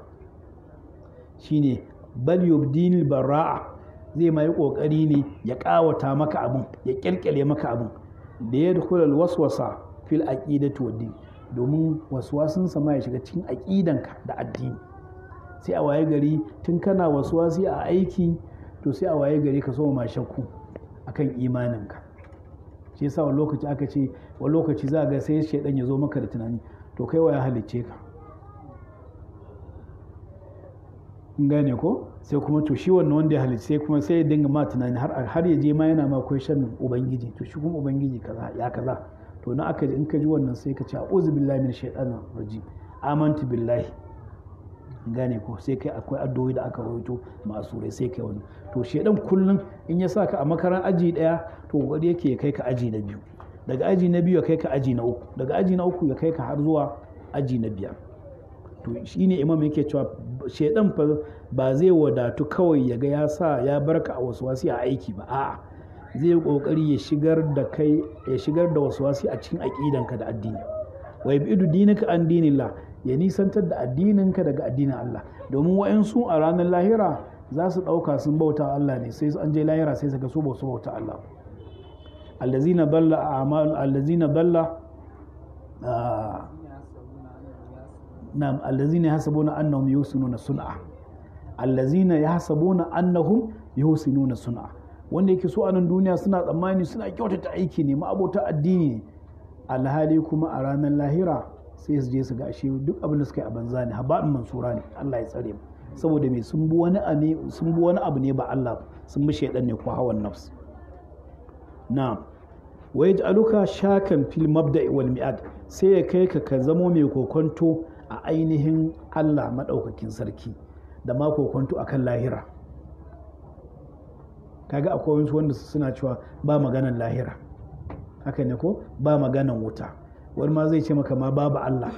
shine bal yubdinil bara'a zai mai kokari ne ya ƙawata maka abin ya ƙyalƙyale maka abin da ya dukula waswasa fil aqidati wa din domin waswasin sama ya shiga cikin aƙidanka da addini sai a waye gari tun kana waswasi a aiki to sai a waye gari ka so ma shakku akan imaninka shi yasa wani lokaci aka ce wani lokaci za ga sai shaidan ya zo maka da tunani to kai wa ya halicce ka gane ko sai kuma to shi wannan wanda ya halicci sai kuma sai ya dinga ma tunani har har ya je ma yana ma question ubangiji to shi kuma ubangiji kaza ya kaza to na aka in ka ji wannan sai ka ce a'udhu billahi min shaitanir rajim amantu billahi gane ko sai kai akwai addu'o'i da aka rawaito rai sai kai wani to shedan kullum in ya saka a makaran aji daya to gari yake ya kai ka aji na biyu daga aji na biyu ya kai ka aji na uku daga aji na uku ya kai ka har zuwa aji na biyar shi shine imam yake cewa shaidan fa ba zai wadatu kawai ya ga ya sa ya barka a waswasi a aiki ba a'a zai yi kokari ya shigar da kai ya shigar da a cikin aqidanka da addini wa yabidu dinaka an dinillah ya nisantar da addininka daga addinin Allah domin wa'ansu a ranar lahira za su ɗauka sun bauta Allah ne sai an je lahira sai su ga su bauta Allah allazina dalla a'mal allazina dalla ah, na allazina yahsabuna annahum yusinuna sun'a allazina yahsabuna annahum yusinuna sun'a wanda yake so a nan duniya suna tsammani suna kyautata aiki ne ma'abota addini ne alhali kuma a ranar lahira sai su je su ga ashe duk abin da suka yi a banza ne haba'in mansura ne Allah ya tsare mu saboda me sun bi wani abu sun bi wani abu ne ba Allah sun bi shaydan ne ko hawan nafs na'am wa aluka shakan fil mabda'i wal mi'ad sai ya kai ka ka zamo mai kokonto a ainihin Allah maɗaukakin sarki da mako kokonto a kan lahira kaga akwai wasu wanda suna cewa ba maganan lahira haka ne ko ba maganan wuta wani ma zai ce maka ma babu Allah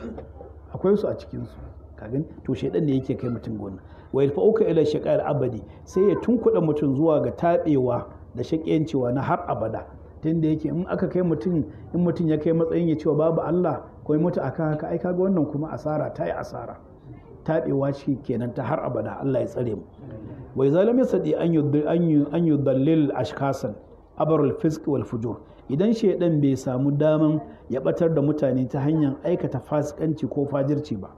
akwai su a cikinsu kagin to shaidan ne yake kai mutum gona wa uka ila shaqa'il abadi sai ya tunkuɗa mutum zuwa ga tabewa da shaqiyancewa na har abada tunda yake in aka kai mutum in mutum ya kai matsayin ya cewa babu Allah ko yi mutu akan haka aika kaga wannan kuma asara ta yi asara taɓewa shi kenan ta har abada Allah ya tsare mu wai zalimi sadi an an yudallil ashkasan abarul fisk wal fujur idan shaidan bai samu daman ya batar da mutane ta hanyar aikata fasikanci ko fajirci ba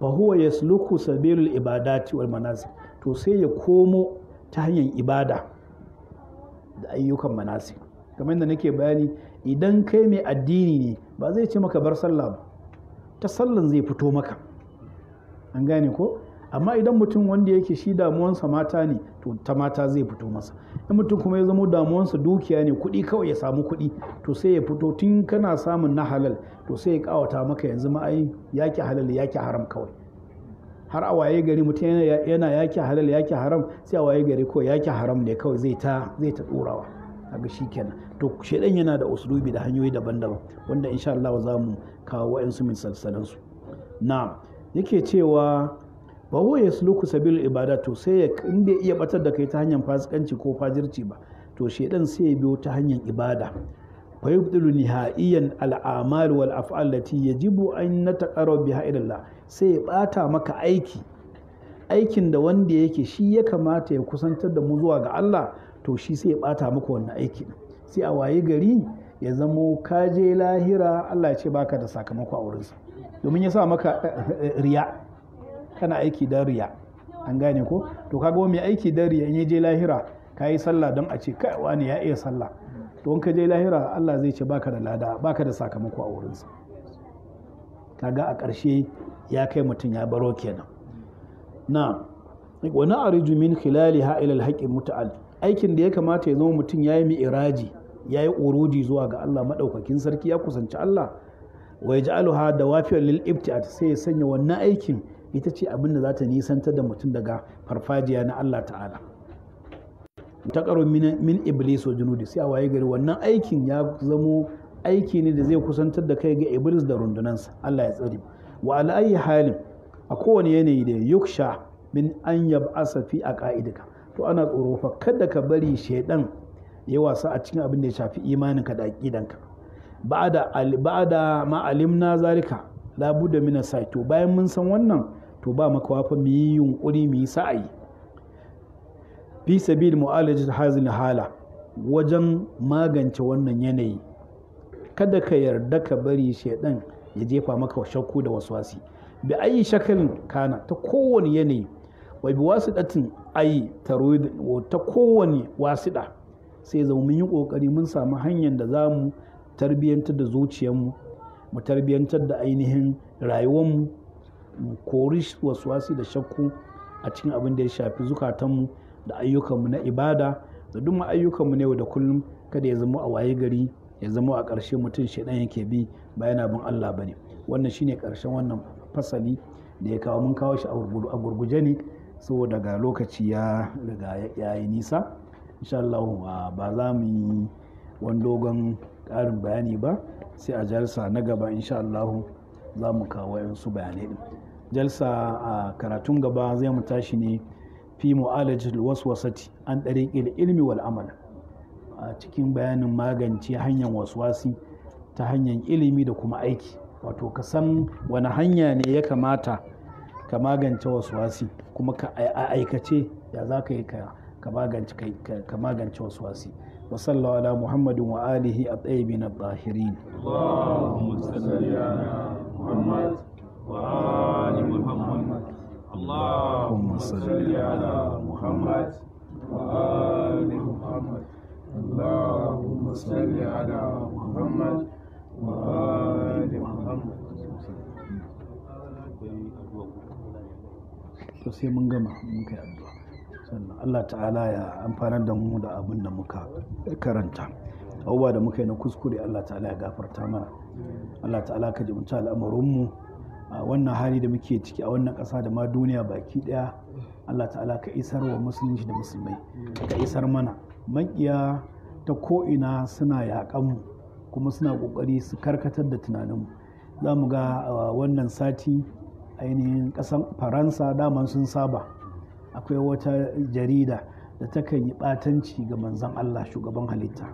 fa huwa yasluku sabilul ibadati wal manasik to sai ya komo ta hanyar ibada da ayyukan manasi. kamar da nake bayani idan kai mai addini ne ba zai ce maka bar sallah ba ta sallan zai fito maka an gane ko amma idan mutum wanda yake shi damuwansa mata ne to ta mata zai fito masa in mutum kuma ya zama damuwansa dukiya ne kuɗi kawai ya samu kuɗi to sai ya fito tun kana samun na halal to sai ya kawata maka yanzu ma ai yaki halal yaki haram kawai har a waye gari mutum yana yaki halal yaki haram sai a waye gari kawai yaki haram ne kawai zai ta zai ta tsorawa kaga kenan to shedan yana da usulubi da hanyoyi daban-daban wanda insha Allah za mu kawo wa'ansu misalsalan su na'am yake cewa ba huwa yasluku sabil ibada to sai ya in bai iya batar da kai ta hanyar fasikanci ko fajirci ba to shedan sai ya biyo ta hanyar ibada fa yubdilu nihaiyan al'amal wal af'al lati yajibu an nataqarrab biha ila Allah sai ya bata maka aiki aikin da wanda yake shi ya kamata ya kusantar da mu zuwa ga Allah to shi sai ya bata muku wannan aiki sai a wayi gari ya zamo ka je lahira Allah ya ce baka da sakamako a wurinsa domin ya sa maka eh, eh, eh, riya kana aiki don riya an gane ko to kaga mai aiki don riya in ya je lahira ka sallah don a ce kai wani ya iya sallah to in ka je lahira Allah zai ce baka da lada baka da sakamako a wurinsa kaga a ƙarshe ya kai mutum ya baro kenan na wani arju min khilali ha haƙƙin muta'al aikin da ya kamata ya zama mutum ya yi mi'iraji ya yi urudi zuwa ga Allah maɗaukakin sarki ya kusanci Allah wai aluha da wafiyar lil ibtiat sai ya sanya wannan aikin ita ce abin da za ta nisantar da mutum daga farfajiya na Allah ta'ala ta karo min iblis wa junudi sai a waye gari wannan aikin ya zamo aiki ne da zai kusantar da kai ga iblis da rundunansa Allah ya tsare wa ala halin a kowane yanayi da yuksha min an yab'asa fi aqaidika to ana tsoro fa kada ka bari shaidan ya wasa a cikin abin da ya shafi imaninka da aqidanka ba'ada ba'ada ma alimna zalika la budda min to bayan mun san wannan to ba maka wafa mu yi yunkuri mu yi sa'ayi fi sabil mu'alajat hazil hala wajen magance wannan yanayi kada ka yarda ka bari shaidan ya jefa maka shakku da waswasi bi ayi shakalin kana ta kowane yanayi wa bi wasu datin ai ta kowane wasiɗa sai zama mun yi ƙoƙari mun samu hanyar da za mu tarbiyyantar da zuciyarmu mu tarbiyyantar da ainihin rayuwarmu mu kori wasu wasi da shakku a cikin abin da ya shafi zukatanmu da ayyukanmu na ibada da duk ayyukanmu na yau da kullum kada ya zama a waye gari ya zama a ƙarshe mutum shaidan yake bi ba yana bin Allah bane wannan shine ƙarshen wannan fasali da ya kawo mun kawo shi a gurguje ne so daga lokaci ya riga ya yi nisa insha Allah ah, ba za mu yi wani dogon ƙarin bayani ba sai a jalsa na gaba insha Allah za mu kawo su bayanai din jalsa a ah, karatun gaba zai mu tashi ne fi mu'alajatul waswasati an dariqil ilmi wal amal a cikin bayanin magance hanyar waswasi ta hanyar ilimi da kuma aiki wato kasan wani hanya ne ya kamata ka magance wasi, kuma ka aikace ya za ka yi ka magance ka magance wa sallawa ala muhammadin wa alihi a tsayibi na zahirin اللهم صل على Muhammad وآل محمد Muhammad to sai mun gama mun kai addu'a sannan Allah ta'ala ya amfanar da mu da abin da muka karanta abubuwa da muka yi na kuskure Allah ta'ala ya gafarta mana Allah ta'ala ka ji mutu mu a wannan hali da muke ciki a wannan ƙasa da ma duniya baki ɗaya Allah ta'ala ka isar wa musulunci da musulmai ka isar mana maƙiya ta ko ina suna yaƙan mu kuma suna ƙoƙari su karkatar da tunaninmu za mu ga wannan sati ainihin kasan faransa daman sun saba akwai wata jarida da kan yi ɓatanci ga manzan allah shugaban halitta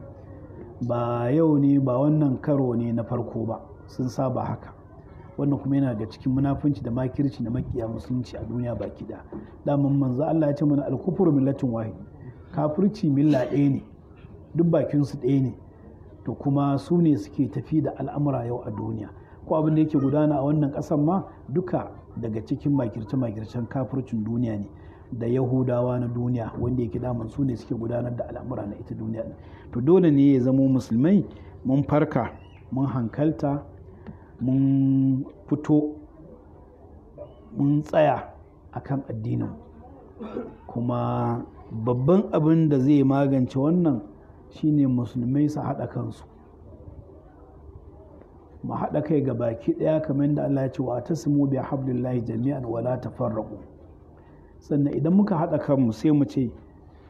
ba yau ne ba wannan karo ne na farko ba sun saba haka wannan kuma yana ga cikin munafunci da makirci da makiya musulunci a duniya baki da daman Manzan Allah ya ce mana alkufur millatin wahi kafirci milla ɗaya ne duk bakinsu ɗaya ne to kuma su ne suke tafi da al'amura yau a duniya ko abin da yake gudana a wannan ƙasan ma duka daga cikin makirce-makircen kafircin duniya ne da yahudawa na duniya wanda yake daman su ne suke gudanar da al'amura na ita duniya to dole ne ya zamo musulmai mun farka mun hankalta mun fito mun tsaya a kan addinin kuma babban abin da zai magance wannan shine musulmai su haɗa kansu mu haɗa kai ga baki ɗaya kamar da Allah ya ce wa ta sumu bi hablillahi jami'an wala tafarraqu sannan idan muka haɗa kanmu sai mu ce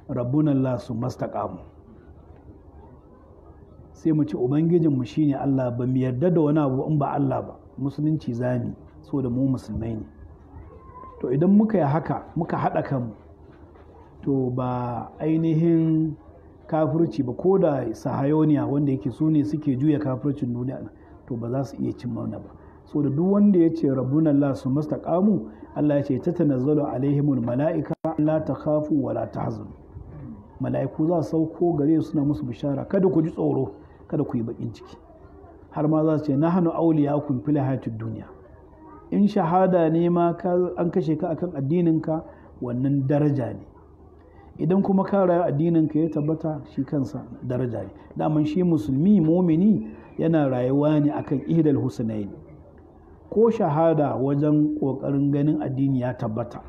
rabbuna la su mastaqamu sai mu ce ubangijin mu shine Allah ba mu yarda da wani abu in ba Allah ba musulunci zami saboda mu musulmai ne to idan muka yi haka muka haɗa kanmu to ba ainihin kafirci ba ko da sahayoniya wanda yake su ne suke juya kafircin duniya to ba za su iya cin mauna ba so da duk wanda ya ce rabbuna Allah su mastaqamu Allah ya ce ta tanazzalu alaihimul mala'ika la takhafu wa la tahzanu mala'iku za su sauko gare su suna musu bishara kada ku ji tsoro kada ku yi bakin ciki har ma za su ce nahnu awliyakum fil hayatid duniya. in shahada ne ma an kashe ka akan addininka wannan daraja ne idan kuma ka rayu addinin ka ya tabbata shi kansa daraja ne daman shi musulmi mumini yana rayuwa ne akan ihdal husnain ko shahada wajen kokarin ganin addini ya tabbata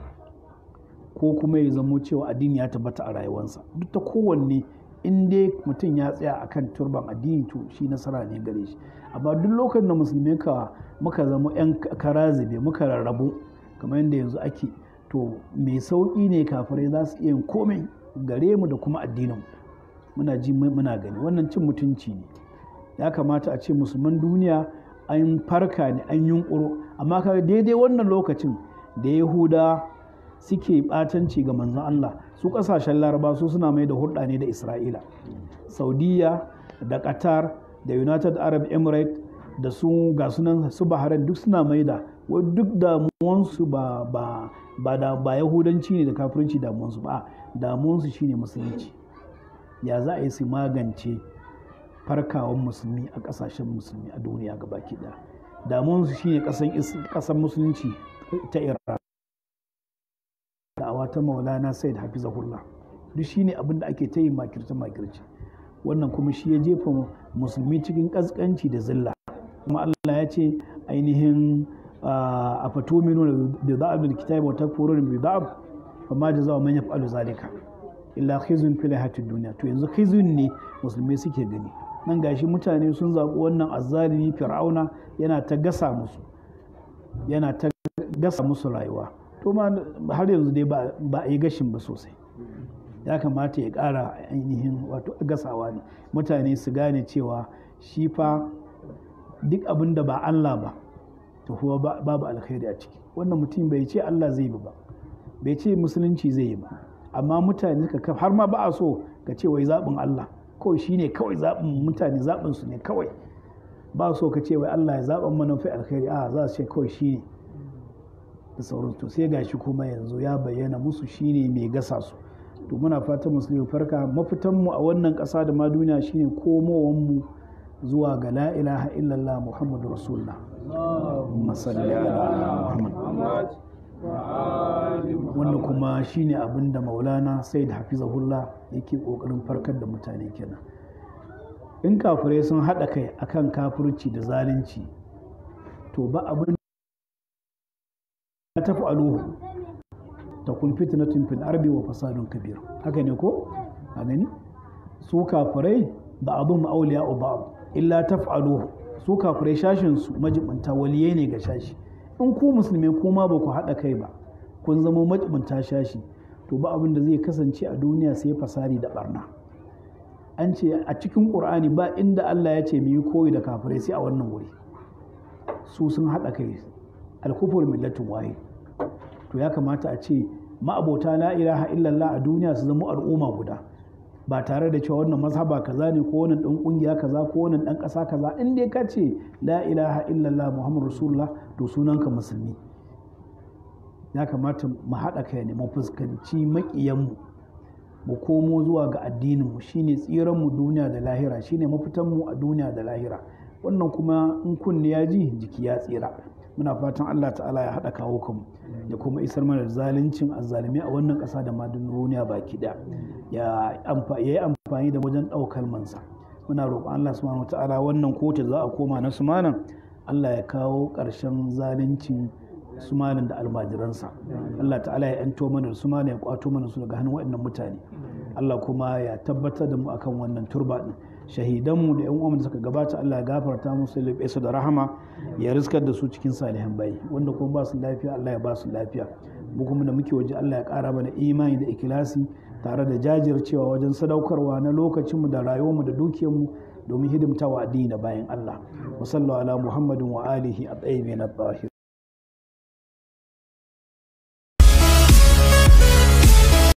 ko kuma ya zama cewa addini ya tabbata a rayuwarsa duk ta kowanne in dai mutum ya tsaya akan turban addini to shi nasara ne gare shi amma duk lokacin da musulmi ka muka zama yan karazibe muka rarrabu kamar yadda yanzu ake to mai sauƙi ne kafirai za su iya komai gare mu da kuma addinin muna ji muna gani wannan cin mutunci ne ya kamata a ce musulman duniya an farka ne an yunƙuro amma ka daidai wannan lokacin da yahuda suke ɓatanci ga manzon Allah su ƙasashen laraba su suna mai da hulɗa ne da isra'ila saudiya da qatar da united arab emirates da su ga sunan su bahrain duk suna mai da duk damuwansu ba ba ba da ba yahudanci ne da kafirci damuwansu ba damuwansu shine musulunci ya za a yi su magance farkawan musulmi a kasashen musulmi a duniya ga baki da damuwansu shine kasan kasan musulunci ta iran da'awa ta maulana said hafizahullah duk shine abin da ake ta yi makirce makirce wannan kuma shi ya jefa musulmi cikin kaskanci da zilla kuma Allah ya ce ainihin a fito minu da da'ab da kitabi wa takfurun bi da'ab amma jazaa'u man yaf'alu zalika illa khizun fil hayatid dunya to yanzu khizun ne musulmai suke gani nan gashi mutane sun zabi wannan azzalimi fir'auna yana ta gasa musu yana ta gasa musu rayuwa to ma har yanzu dai ba a yi gashin ba sosai ya kamata ya kara ainihin wato gasawa ne mutane su gane cewa shi fa duk abinda ba Allah ba to kuma babu alkhairi a ciki wannan mutum bai ce Allah zai yi ba bai ce musulunci zai yi ba amma mutane ka har ma ba a so ka ce wai zaɓin Allah kawai shine kawai zaɓin mutane zaɓin su ne kawai ba so ka ce wai Allah ya zaɓa mana fi alkhairi a za su ce kawai shi da sauran to sai gashi kuma yanzu ya bayyana musu shine mai gasa su to muna fatan musulmi farka mafitan a wannan kasa da ma duniya shine komowan mu zuwa ga la ilaha illallah muhammadu rasulullah اللهم صل على محمد wanda kuma shine abin da maulana said hafizahullah yake kokarin farkar da mutane kenan in kafirai sun haɗa kai akan kafirci da zalunci to ba abin ta tafi aluhu ta kun fitnatun fil arbi wa fasadun kabir haka ne ko a gani su kafirai ba abun auliya ba illa taf'aluhu su kafirai shashin su majibinta waliyai ne ga shashi in ku musulmai kuma ba ku haɗa kai ba kun zama majibinta shashi to ba abin da zai kasance a duniya sai fasari da barna an ce a cikin ƙur'ani ba inda Allah ya ce mu yi koyi da kafirai sai a wannan wuri su sun haɗa kai alkufur millatin waye to ya kamata a ce ma'abota la ilaha illallah a duniya su zama al'umma guda ba tare da cewa wannan mazhaba kaza ne ko wannan dan kungiya kaza ko wannan dan kasa kaza in dai ka ce la ilaha illallah muhammadu rasulullah to sunanka musulmi ya kamata mu haɗa kai ne mu fuskanci maƙiyanmu mu komo zuwa ga addininmu shine mu duniya da lahira shine mafitan mu a duniya da lahira wannan kuma in kunne ya ji jiki ya tsira muna fatan allah ta'ala ya haɗa kawo kanmu ya kuma isar mana zaluncin azzalumi a wannan ƙasa da madin duniya baki da ya yi amfani da wajen ɗaukar mansa muna roƙon Allah subhanahu ta'ala wannan kotu za a koma na sumanan Allah ya kawo ƙarshen zaluncin sumanan da almajiransa Allah ta'ala ya yanto mana sumanan ya kwato mana su daga hannun waɗannan mutane Allah kuma ya tabbatar da mu akan wannan turba din shahidanmu da 'yan uwan da suka gabata Allah ya gafarta musu ya su da rahama ya riskar da su cikin salihan bayi wanda kuma ba su lafiya Allah ya ba su lafiya mu kuma da muke waje Allah ya kara mana imani da ikilasi tare da jajircewa wajen sadaukarwa na lokacinmu da rayuwarmu da dukiyarmu domin hidimtawa addini da bayan Allah wa ala muhammadin wa alihi a tsaye na